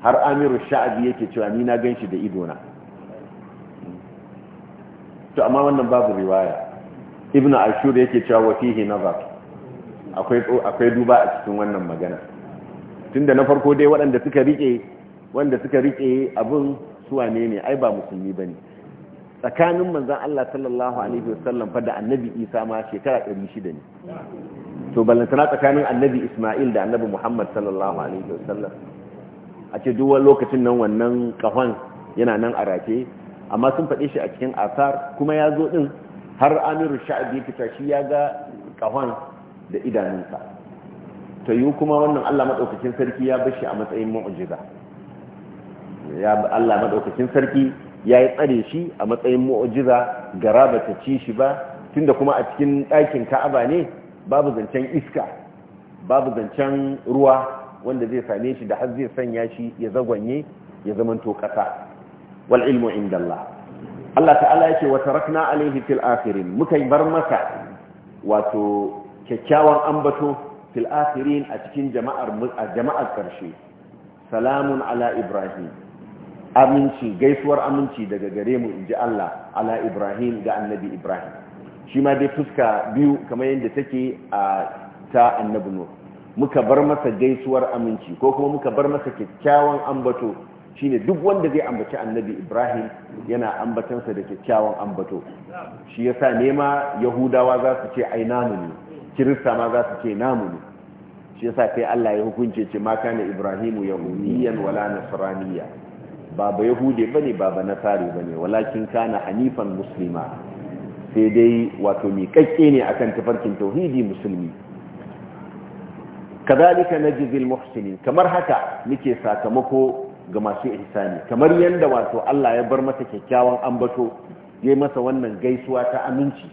har Amiru Sha'abi yake cewa ni na gan shi da idona to amma wannan babu riwaya ibnu ashur yake cewa wa fihi nazar akwai akwai duba a cikin wannan magana tunda na farko dai waɗanda suka rike wanda suka rike abun su wane ne ai ba musulmi bane tsakanin manzon Allah sallallahu alaihi wasallam fa da annabi Isa ma shekara 600 ne to balantana tsakanin annabi Isma'il da annabi Muhammad sallallahu alaihi wasallam a ce duk lokacin nan wannan kahon yana nan a rake amma sun faɗe shi a cikin asar kuma ya zo ɗin har amiru sha'abi fita shi ya ga ƙahon da idanunsa ta yi kuma wannan allah maɗaukacin sarki ya bashi a matsayin mu'ujiza ya allah maɗaukacin sarki ya yi tsare shi a matsayin mu'ujiza gara ba ta ci shi ba tunda kuma a cikin ɗakin ka'aba ne babu zancen iska babu zancen ruwa wanda zai same shi da har zai sanya shi ya zagwanye ya zamanto ƙasa wal ilmu inda Allah Allah ta'ala yake wata tarakna alaihi fil akhirin muka bar masa wato kyakkyawan ambato fil akhirin a cikin jama'ar jama'ar karshe salamun ala ibrahim aminci gaisuwar aminci daga gare mu inji Allah ala ibrahim ga annabi ibrahim shi ma dai fuska biyu kamar yadda take a ta annabi nuh muka bar masa gaisuwar aminci ko kuma muka bar masa kyakkyawan ambato shine duk wanda zai ambaci annabi ibrahim yana ambatansa da kyakkyawan ambato shi sa nema yahudawa za su ce ai namu ne kirista ma za su ce namu ne shi sa sai allah ya hukunce ce maka na ibrahimu yahudiyan wala nasraniya baba yahude bane baba nasari bane walakin kana hanifan musulma sai dai wato miƙaƙƙe ne akan tafarkin tauhidi musulmi na najzi almuhsinin kamar haka muke sakamako ga masu ihsani kamar yadda wato Allah ya bar masa kyakkyawan ambato yayi masa wannan gaisuwa ta aminci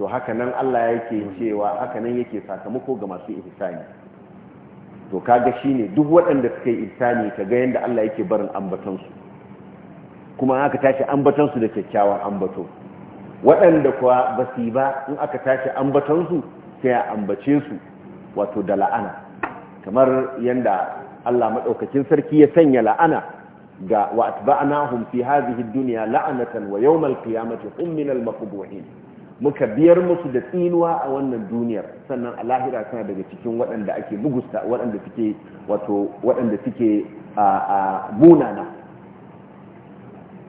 to haka nan Allah yake cewa haka nan yake sakamako ga masu ihsani to kaga shine duk waɗanda suka yi ihsani ga yadda Allah yake barin ambaton su kuma aka tashi ambaton su da kyakkyawan ambato waɗanda kuwa ba su ba in aka tashi ambaton su sai a ambace su wato da la'ana kamar yadda Allah maɗaukacin sarki ya sanya la'ana ga wa hum fi hadhihi dunya la'anatan wa yawm al-qiyamati hum min al-maqbuhin muka biyar musu da tsinuwa a wannan duniyar sannan a lahira daga cikin waɗanda ake bugusta waɗanda suke wato waɗanda suke a munana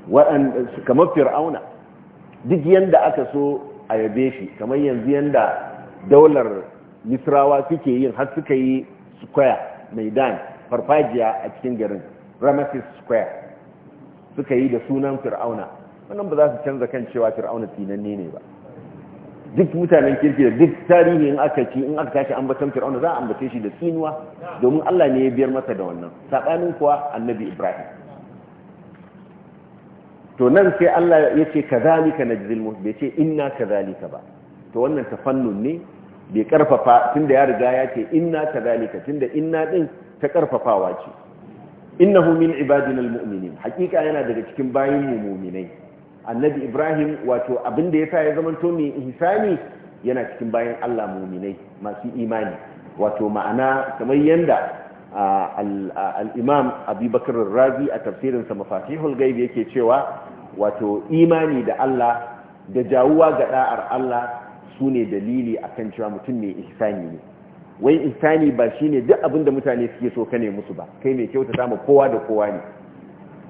waɗanda kamar fir'auna duk yanda aka so a yabe shi kamar yanzu yanda daular misrawa suke yin har suka yi square maidan farfajiya a cikin garin ramesses square suka yi da sunan fir'auna wannan ba za su canza kan cewa fir'auna tinanne ne ba duk mutanen kirki da duk tarihi in aka ci in aka tashi ambaton fir'auna za a ambace shi da tsinuwa domin Allah ne ya biyar masa da wannan sabanin kuwa annabi ibrahim to nan sai Allah ya ce kazalika najzil muhsin bai ce inna kazalika ba to wannan ta fannun ne bai karfafa tunda ya riga ya ce inna kazalika tunda inna din ta ƙarfafawa ce inna min ibadinal almu'minin hakika yana daga cikin bayin mu mu'minai annabi ibrahim wato abin da ya sa ya zamanto mai ihsani yana cikin bayan Allah mu'minai masu imani wato ma'ana kamar yanda al-imam abubakar razi a tafsirinsa mafatihul gaib yake cewa wato imani da Allah da jawuwa ga da'ar Allah su ne dalili akan cewa mutum mai ihsani ne wai insani ba shine duk abinda mutane suke so kane musu ba kai mai kyauta samu kowa da kowa ne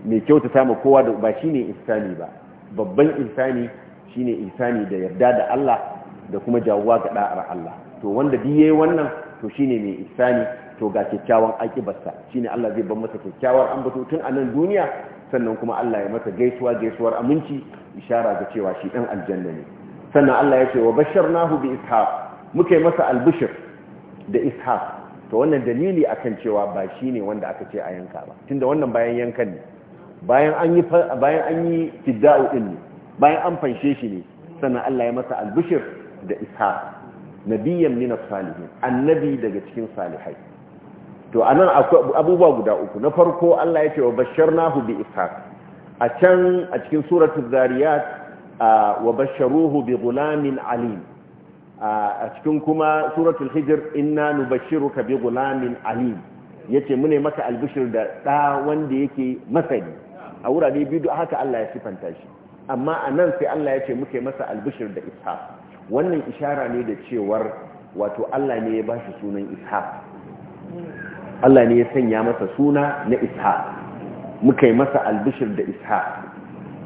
mai kyauta samu kowa da ba shine insani ba babban shi shine insani da yarda da Allah da kuma jawuwa ga da'ar Allah to wanda duk wannan to shine mai insani to ga kyakkyawan Shi ne Allah zai ban masa kyakkyawar ambato tun a nan duniya sannan kuma Allah ya masa gaisuwa gaisuwar aminci ishara ga cewa shi dan aljanna ne sannan Allah ya ce wa basharnahu bi ishaq yi masa albushir da ishaq to wannan dalili akan cewa ba shi ne wanda aka ce a yanka ba tunda wannan bayan yankan ne bayan an yi bayan an fidda'u din ne bayan an fanshe shi ne sannan Allah ya masa albishir da ishaq nabiyyan min as-salihin annabi daga cikin salihai to anan akwai abubuwa guda uku na farko Allah ya ce wa basharnahu bi ishaq a can a cikin suratul zariyat wa basharuhu bi gulamin alim a cikin kuma suratul hijr inna nubashshiruka bi gulamin alim yace mune maka albishir da da wanda yake masani a wurare biyu haka Allah ya sifanta shi amma anan sai Allah ya ce muke masa albishir da ishaq wannan ishara ne da cewar wato Allah ne ya bashi sunan ishaq Allah ne ya sanya masa suna na ishaq muka masa albishir da ishaq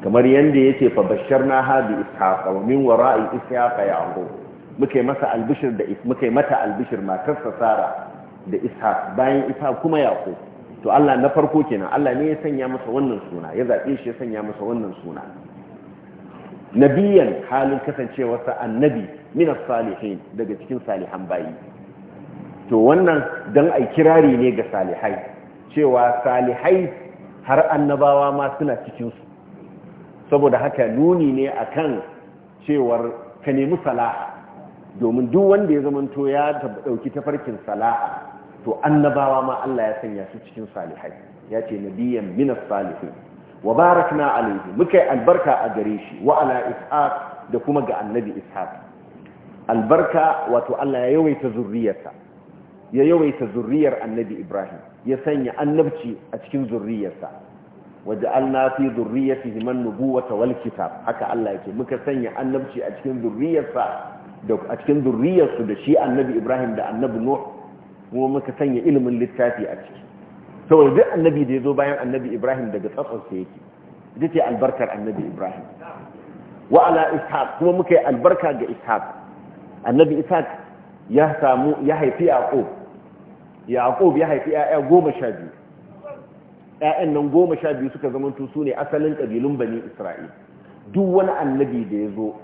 kamar yanda yace fa basharna ha bi ishaq wa min wara'i ishaq ya'qub muka yi masa albishir da muka yi mata albishir matarsa sara da Isha bayan Isha kuma yaqub to Allah na farko kenan Allah ne ya sanya masa wannan suna ya zabe shi ya sanya masa wannan suna nabiyan halin kasancewar kasancewarsa annabi min salihin daga cikin salihan bayi to wannan dan ai kirari ne ga salihai cewa salihai har annabawa ma suna cikin su saboda haka nuni ne akan cewar ka nemi salaha domin duk wanda ya zamanto ya dauki tafarkin sala'a to annabawa ma Allah ya sanya su cikin salihai ya ce nabiyan minas salihin wa barakna alayhi muka albarka a gare shi wa ala ishaq da kuma ga annabi ishaq albarka wato Allah ya yawaita zurriyarsa ya yawaita zurriyar annabi ibrahim ya sanya annabci a cikin zurriyarsa waja'alna fi dhurriyyatihi man nubuwata wal kitab haka Allah yake muka sanya annabci a cikin zurriyarsa da a cikin zurriyarsu da shi annabi ibrahim da annabi nuh kuma muka sanya ilimin littafi a ciki saboda duk annabi da ya zo bayan annabi ibrahim daga tsatsansa yake ita ce albarkar annabi ibrahim wa ala ishaq kuma muka yi albarka ga ishaq annabi ishaq ya samu ya haifi yaqub yaqub ya haifi yaya goma sha biyu yayan nan goma sha biyu suka zamanto su ne asalin kabilun bani isra'il duk wani annabi da ya zo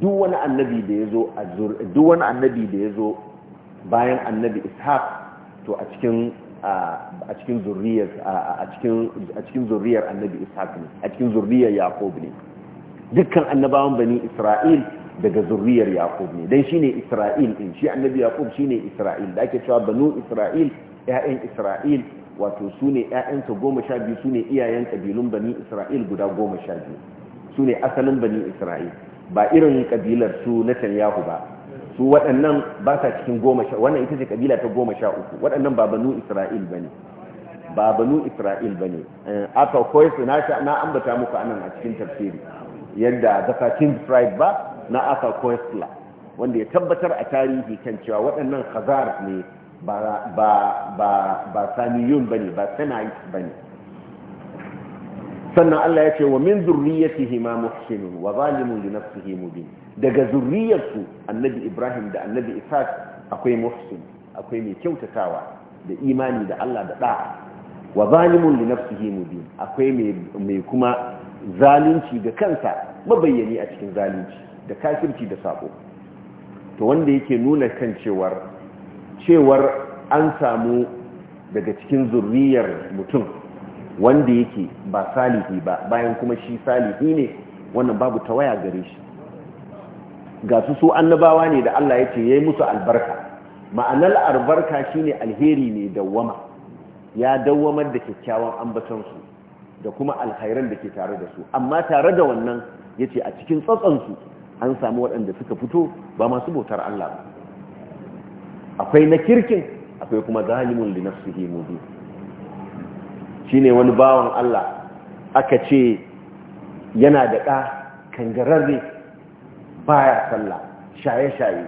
duk wani annabi da ya zo wani annabi da ya zo bayan annabi ishaq to a cikin a cikin zurriyar annabi ishaq ne a cikin zurriyar yaqub ne dukkan annabawan bani isra'il daga zurriyar yaqub ne dan shine isra'il din shi annabi yaqub shine isra'il da ake cewa banu isra'il 'ya'yan isra'il wato su ne ‘ya'yansa goma sha biyu su iyayen ƙabilun bani isra'il guda goma sha biyu su asalin bani isra'il ba irin kabilar su Tanyahu ba su waɗannan ba sa cikin goma sha wannan ita ce kabila ta goma sha uku waɗannan ba banu Isra'il ba ne ba banu Isra'il ba ne eh, aka koyi su na ambata muku nan a cikin tafsiri yadda zakatin tribe ba na aka koyi wanda ya tabbatar a tarihi kan cewa waɗannan khazar ne ba ba ba ba saniyun ba ne. sannan Allah ya ce wa min zurriyatihi ma muhsinun wa zalimun li nafsihi mubin daga zurriyarsu annabi Ibrahim da annabi Isaac akwai muhsin akwai mai kyautatawa da imani da Allah da da'a wa zalimun li nafsihi mubin akwai mai kuma zalunci ga kansa mabayyani a cikin zalunci da kafirci da sako to wanda yake nuna kan cewar cewar an samu daga cikin zurriyar mutum wanda yake ba salihi ba bayan kuma shi salihi ne wannan babu ta waya gare shi ga su su annabawa ne da Allah ya ce ya yi musu albarka ma'anar albarka shine alheri ne dawwama ya dawwamar da kyakkyawan ambatansu da kuma alhairan da ke tare da su amma tare da wannan ya ce a cikin tsatsansu an samu waɗanda suka fito ba masu bautar Allah ba akwai na kirkin akwai kuma zalimun li nafsihi Shi ne wani bawan Allah aka ce yana da ɗa kangararre baya sallah shaye-shaye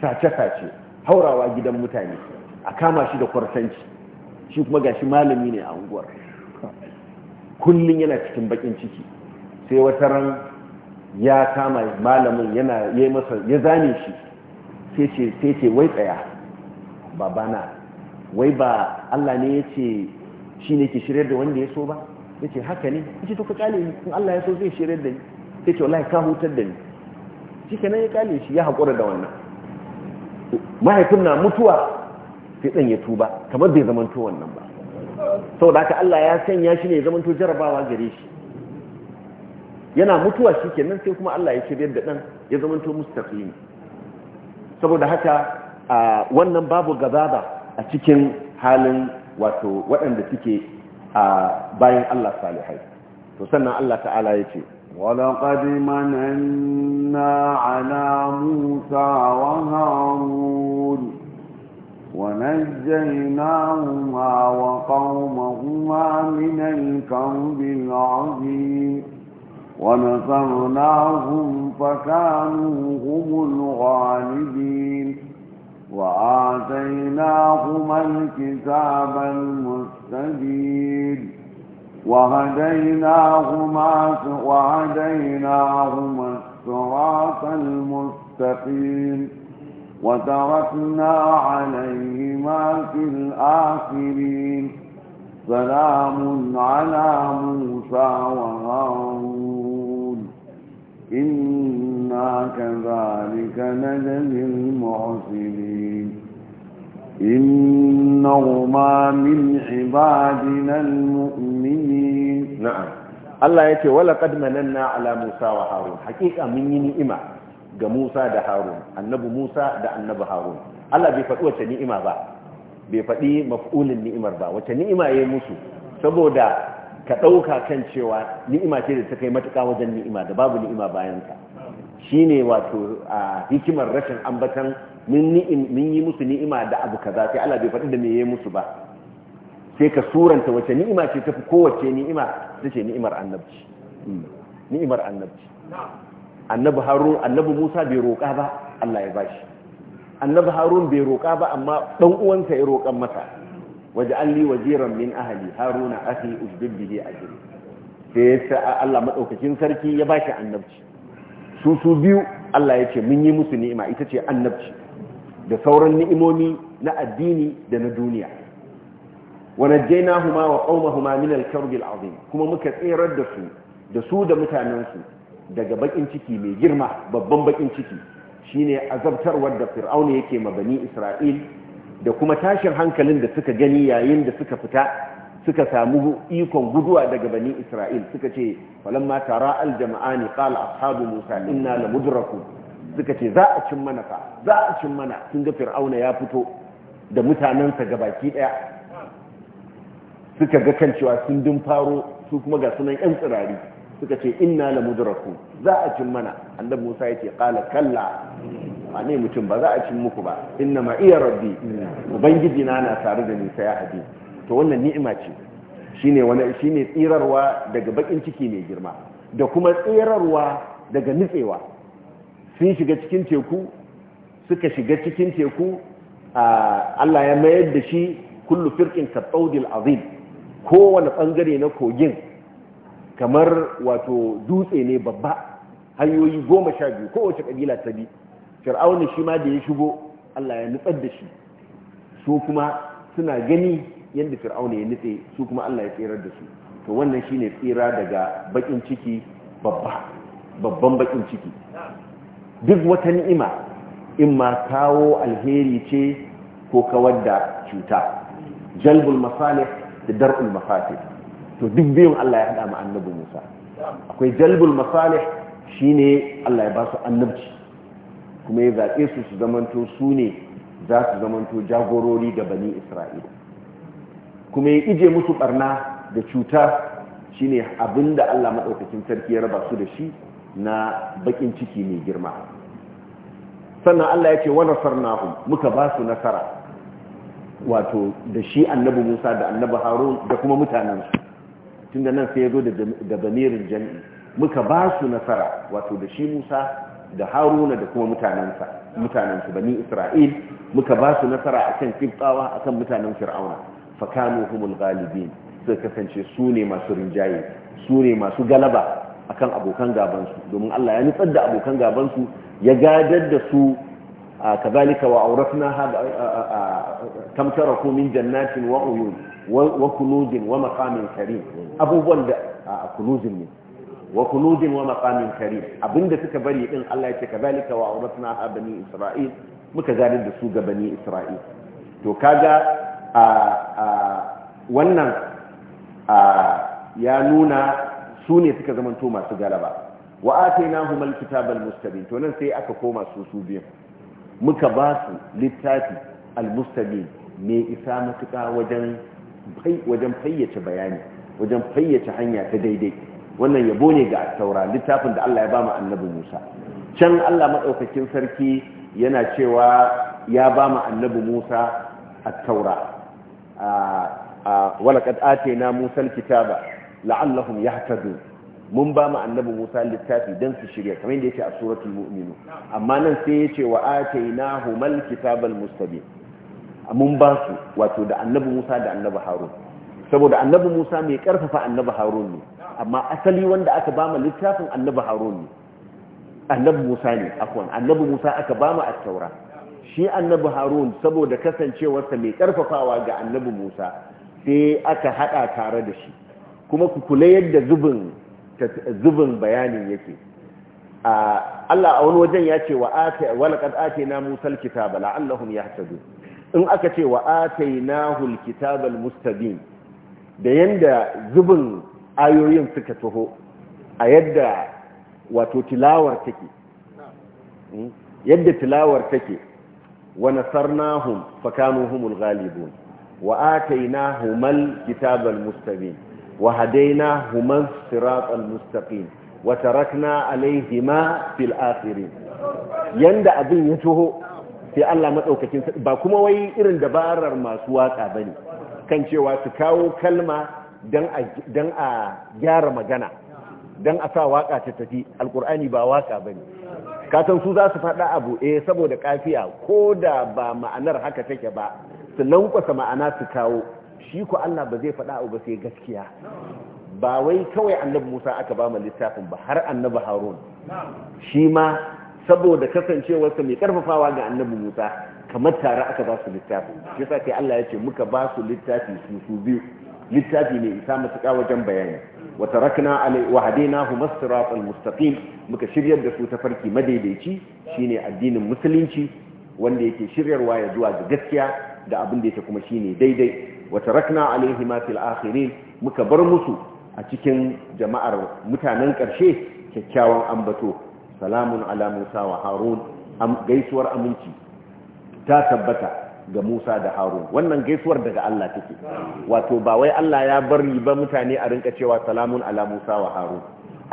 sace-sace haurawa gidan mutane a kama shi da kwarsanci shi kuma gashi malami ne a unguwar kullum yana cikin bakin ciki sai wata ran ya kama malamin yana ya masa ya zane shi sai ce wai tsaya babana wai ba Allah ne ya ce shi ne ke shirya da wanda ya so ba ya ce haka ne ya ce to ka kale ni in Allah ya so zai shirya da ni ya ce wallahi ka hutar da ni shi kenan ya kale shi ya haƙura da wannan mahaifin na mutuwa sai ɗan ya tuba kamar bai zamanto wannan ba sau da haka Allah ya sanya shi ne zamanto jarabawa gare shi yana mutuwa shi kenan sai kuma Allah ya shirya da ɗan ya zamanto mustaqim saboda haka wannan babu gazaba a cikin halin wato waɗanda suke a bayan Allah salihai to sannan Allah ta'ala ya ce walaƙad mananna ala musa wa harun wa najjaynahuma wa qaumahuma min al-kambi al-azim wa nasarnahum fa kanu humul ghalibin وآتيناهما الكتاب المستجيد وهديناهما وهديناهما الصراط المستقيم وتركنا عليهما في الآخرين سلام على موسى وهارون إنا كذلك نجزي المحسنين إنهما من عبادنا المؤمنين نعم الله يتي ولقد مننا على موسى وهارون حقيقة من نعمة ga Musa da Harun annabi Musa da annabi Harun Allah bai faɗi wace ni'ima ba bai faɗi maf'ulin ni'imar ba wace ni'ima yayi musu saboda ka ɗauka kan cewa ni'ima ce da ta kai matuka wajen ni'ima da babu ni'ima bayan ka Shi ne wato a hikimar rashin ambatan mun yi musu ni'ima da abu kaza sai Allah bai faɗi da me yi musu ba sai ka suranta wace ni'ima ce tafi kowace ni'ima ce ni'imar annabci hmm. ni'imar annabci annabu harun annabu musa bai roƙa ba Allah ya bashi annabu harun bai roƙa ba amma ɗan uwansa ya roƙan masa waje li waziran min ahali haruna akhi ne bihi ajri sai Allah madaukakin sarki ya bashi annabci su su biyu Allah ya ce mun yi musu ni'ima ita ce annabci da sauran ni'imomi na addini da na duniya wa najjaynahuma wa qawmahuma min al-karb al-azim kuma muka tsirar da su da su da mutanen su daga bakin ciki mai girma babban bakin ciki shine azabtarwar da fir'auna yake ma bani isra'il da kuma tashin hankalin da suka gani yayin da suka fita suka samu ikon guduwa daga bani isra'il suka ce falamma tara aljama'ani qala ashabu musa inna mudraku suka ce za a cin mana fa za a cin mana sun ga fir'auna ya fito da mutanensa gabaki daya suka ga kan cewa sun dun faro su kuma ga sunan yan tsirari suka ce inna mudraku za a cin mana annabi musa yace qala kalla ba ne mutum ba za a cin muku ba inna ma iya rabbi ubangiji na na tare da ni sai hadisi to wannan ni'ima ce shine wani shine tsirarwa daga bakin ciki mai girma da kuma tsirarwa daga nutsewa sun shiga cikin teku suka shiga cikin teku Allah ya mayar da shi kullu firqin katsaudil azim kowane bangare na kogin kamar wato dutse ne babba hanyoyi goma sha biyu kowace kabila ta bi fir'auna shi ma da ya shigo Allah ya nutsar da shi su kuma suna gani yadda fir'auna ya nutse su kuma Allah ya tsirar da su to wannan shine tsira daga bakin ciki babba babban bakin ciki duk wata ni'ima in ma kawo alheri ce ko kawar da cuta jalbul masalih da dar'ul mafatih to duk biyun Allah ya hada mu annabi Musa akwai jalbul masalih shine Allah ya ba su annabci kuma ya zaɓe su su zamanto su ne za su zamanto jagorori ga bani Isra'ila kuma ya ije musu barna da cuta shine abinda Allah maɗaukakin sarki ya raba su da shi na bakin ciki mai girma sannan Allah ya ce wa nasarnahum muka ba su nasara wato da shi annabi Musa da annabi Harun da kuma mutanensu tunda nan sai ya zo da bamirin jami'i muka ba su nasara wato da shi Musa da Haruna da kuma mutanensa mutanensu bani Isra'il muka ba su nasara akan Kibtawa akan mutanen Fir'auna fakanu humul galibin suka kasance su ne masu rinjaye su ne masu galaba akan abokan gabansu domin Allah ya nutsar da abokan gabansu ya gadar da su kazalika wa auratna tamtaraku min jannatin wa uyun wa kunuzin wa maqamin karim abubuwan da kunuzin ne wa kunuzin wa maqamin karim abinda suka bari din Allah ya ce kazalika wa auratna bani isra'il muka gadar da su ga bani isra'il to kaga wannan ya nuna su ne suka zamanto masu galaba wa atainahum alkitaba almustabin to nan sai aka koma su su biyan muka ba su littafi almustabin mai isa matuƙa wajen fayyace bayani wajen fayyace hanya ta daidai wannan yabo ne ga taura littafin da Allah ya ba mu annabi Musa can Allah madaukakin sarki yana cewa ya ba mu annabi Musa at-taura walaƙad ake na musan kitaba la'allahum ya hatadu mun ba mu annabi musa littafi don su shirya kamar yadda yake a suratul mu'minu amma nan sai ya ce wa ake na humal kitabal mustabi mun ba su wato da annabi musa da annabi harun saboda annabi musa mai karfafa annabi harun ne amma asali wanda aka ba mu littafin annabi harun ne annabi musa ne akwai annabi musa aka ba mu a taura shi annabi harun saboda kasancewarsa mai karfafawa ga annabi musa sai aka hada tare da shi kuma ku kula yadda zubin zubin bayanin yake Allah a wani wajen ya ce wa ata na musal musa alkitaba ya yahtadun in aka ce wa ataynahu kitabal mustabin da yanda zubin ayoyin suka taho a yadda wato tilawar take hmm? yadda tilawar take wa nasarnahum kanu humul ghalibun wa atainahumal kitabal mustaqim wa hadainahumas siratal mustaqim wa tarakna alaihima fil akhirin yanda abin ya toho sai Allah madaukakin ba kuma wai irin dabarar masu waka bane kan cewa su kawo kalma dan a dan a gyara magana dan a sa waka ta tafi alqur'ani ba waka bane katon su za su faɗa abu eh saboda kafiya ko da ba ma'anar haka take ba su lankwasa ma'ana su kawo shi ku Allah ba zai faɗa abu ba sai gaskiya ba wai kawai annabi Musa aka ba mu littafin ba har annabi Harun shi ma saboda kasancewarsa mai karfafawa ga annabi Musa kamar tare aka ba su littafin shi kai Allah ya ce muka ba su littafi su su biyu littafi ne isa matuƙa wajen bayani wa tarakna alai wa hadainahu mustaqim muka shiryar da su ta farki madaidaici shine addinin musulunci wanda yake shiryarwa ya zuwa ga gaskiya da abin da yake kuma shine daidai wata rakna alaihi ma fil akhirin muka bar musu a cikin jama'ar mutanen ƙarshe kyakkyawan ambato salamun ala musa wa harun gaisuwar aminci ta tabbata ga Musa da Harun wannan gaisuwar daga Allah take wato ba wai Allah ya bari ba mutane a rinka cewa salamun ala Musa wa Harun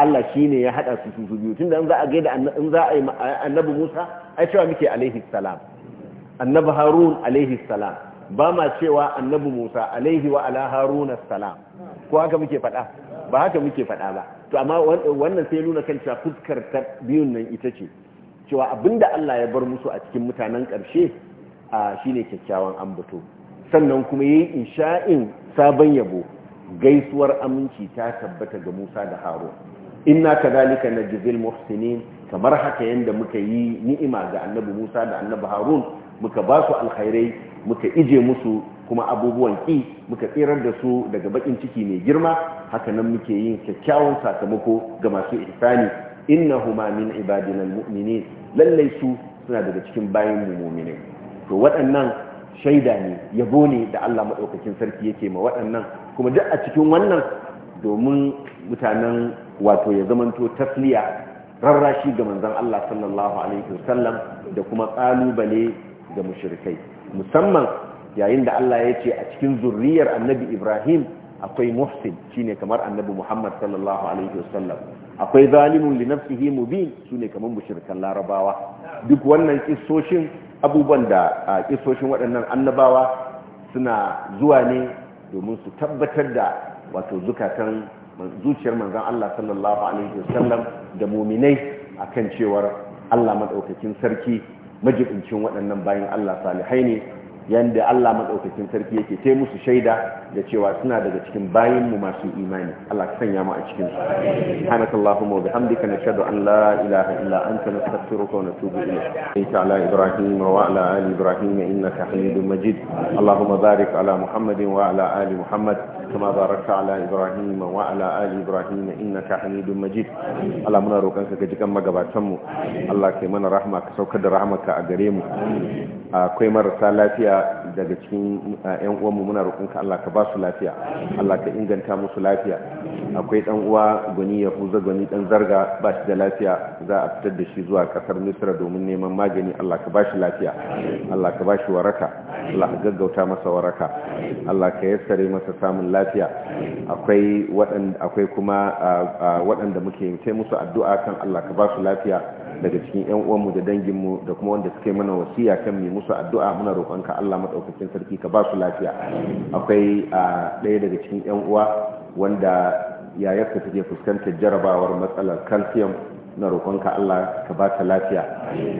Allah shine ya hada su su biyu tunda in za a gaida in za a yi annabi Musa ai cewa muke alaihi salam annabi Harun alaihi salam ba ma cewa annabi Musa alaihi wa ala Harun salam ko haka muke faɗa ba haka muke faɗa ba to amma wannan sai nuna kan cewa fuskar ta biyun nan ita ce cewa abinda Allah ya bar musu a cikin mutanen karshe. a ne kyakkyawan ambato sannan kuma yayi insha'in sabon yabo gaisuwar aminci ta tabbata ga Musa da Harun inna na jizil muhsinin kamar haka yadda muka yi ni'ima ga annabi Musa da annabi Harun muka ba su alkhairai muka ije musu kuma abubuwan ƙi muka tsirar da su daga bakin ciki mai girma haka nan muke yin kyakkyawan sakamako ga masu ihsani innahuma min ibadina almu'minin lallai su suna daga cikin bayan mu mu'minin to waɗannan shaida ne yabo ne da Allah maɗaukakin sarki yake ma waɗannan kuma duk a cikin wannan domin mutanen wato ya zamanto tasliya rarrashi ga manzon Allah sallallahu alaihi wasallam da kuma ƙalubale ga mushrikai musamman yayin da Allah ya ce a cikin zurriyar annabi Ibrahim akwai muhsin shine kamar annabi Muhammad sallallahu alaihi wasallam akwai zalimun li nafsihi mubin shine kamar mushrikan larabawa duk wannan kissoshin abubuwan da a kisoshin waɗannan annabawa suna zuwa ne domin su tabbatar da wato zukatan zuciyar manzan Allah sallallahu alaihi wasallam da muminai kan cewar Allah maɗaukakin sarki majibincin waɗannan bayan Allah salihai ne yanda Allah madaukakin sarki yake ce musu shaida da cewa suna daga cikin bayanmu masu imani Allah ka sanya mu a cikin su subhanakallahumma wa bihamdika nashhadu an la ilaha illa anta nastaghfiruka wa natubu ilayk ala ibrahim wa ala ali ibrahim innaka hamidum majid allahumma barik ala muhammadin wa ala ali muhammad baraka كما باركت على إبراهيم وعلى آل إبراهيم إنك حميد allah اللهم نروقنك كجكم مغباتم الله da رحمة كسوك a garemu akwai marasa lafiya daga cikin yan uwanmu muna roƙonka Allah ka ba su lafiya Allah ka inganta musu lafiya akwai dan uwa gwani ya huza gwani dan zarga ba shi da lafiya za a fitar da shi zuwa kasar Misra domin neman magani Allah ka ba shi lafiya Allah ka ba shi waraka Allah ka gaggauta masa waraka Allah ka yassare masa samun lafiya akwai waɗanda akwai kuma waɗanda muke yin sai musu addu'a kan Allah ka ba su lafiya daga cikin ƴan uwanmu da danginmu da kuma wanda suke mana wasiya kan mu musu addu'a muna roƙonka Allah madaukakin sarki ka ba su lafiya akwai ɗaya daga cikin ƴan uwa wanda yayarsa take fuskantar jarabawar matsalar calcium na roƙonka Allah ka ba ta lafiya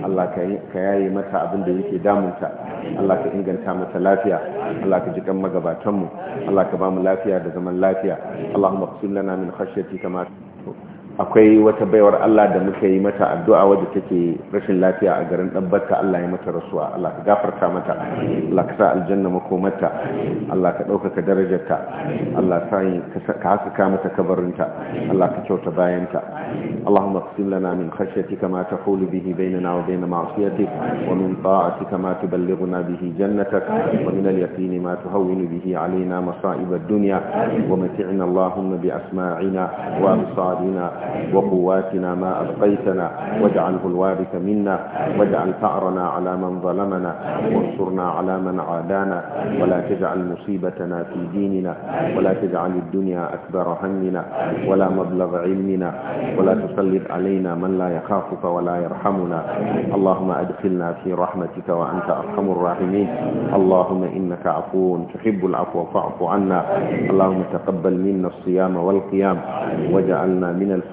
Allah ka yaye mata abin da yake damunta Allah ka inganta mata lafiya Allah ka ji kan magabatanmu Allah ka ba mu lafiya da zaman lafiya Allahumma qsim lana min khashyatika ma akwai wata baiwar Allah da muka yi mata addu'a wadda take rashin lafiya a garin ɗabbata Allah ya mata rasuwa Allah ka gafarta mata Allah ka sa aljanna makomata Allah ka ɗaukaka darajarta Allah ka haka kamata kabarinta Allah ka kyauta bayanta Allahumma qsim lana min khashyati kama taqulu bihi bainana wa bain ma'siyatik wa min ta'ati kama tuballighuna bihi jannatak wa min al-yaqini ma tuhawwinu bihi alayna masa'ib ad-dunya wa mati'na Allahumma bi asma'ina wa absarina وقواتنا ما أبقيتنا واجعله الوارث منا واجعل ثأرنا على من ظلمنا وانصرنا على من عادانا ولا تجعل مصيبتنا في ديننا ولا تجعل الدنيا أكبر همنا ولا مبلغ علمنا ولا تسلط علينا من لا يخافك ولا يرحمنا اللهم أدخلنا في رحمتك وأنت أرحم الراحمين اللهم إنك عفو تحب العفو فاعف عنا اللهم تقبل منا الصيام والقيام واجعلنا من الف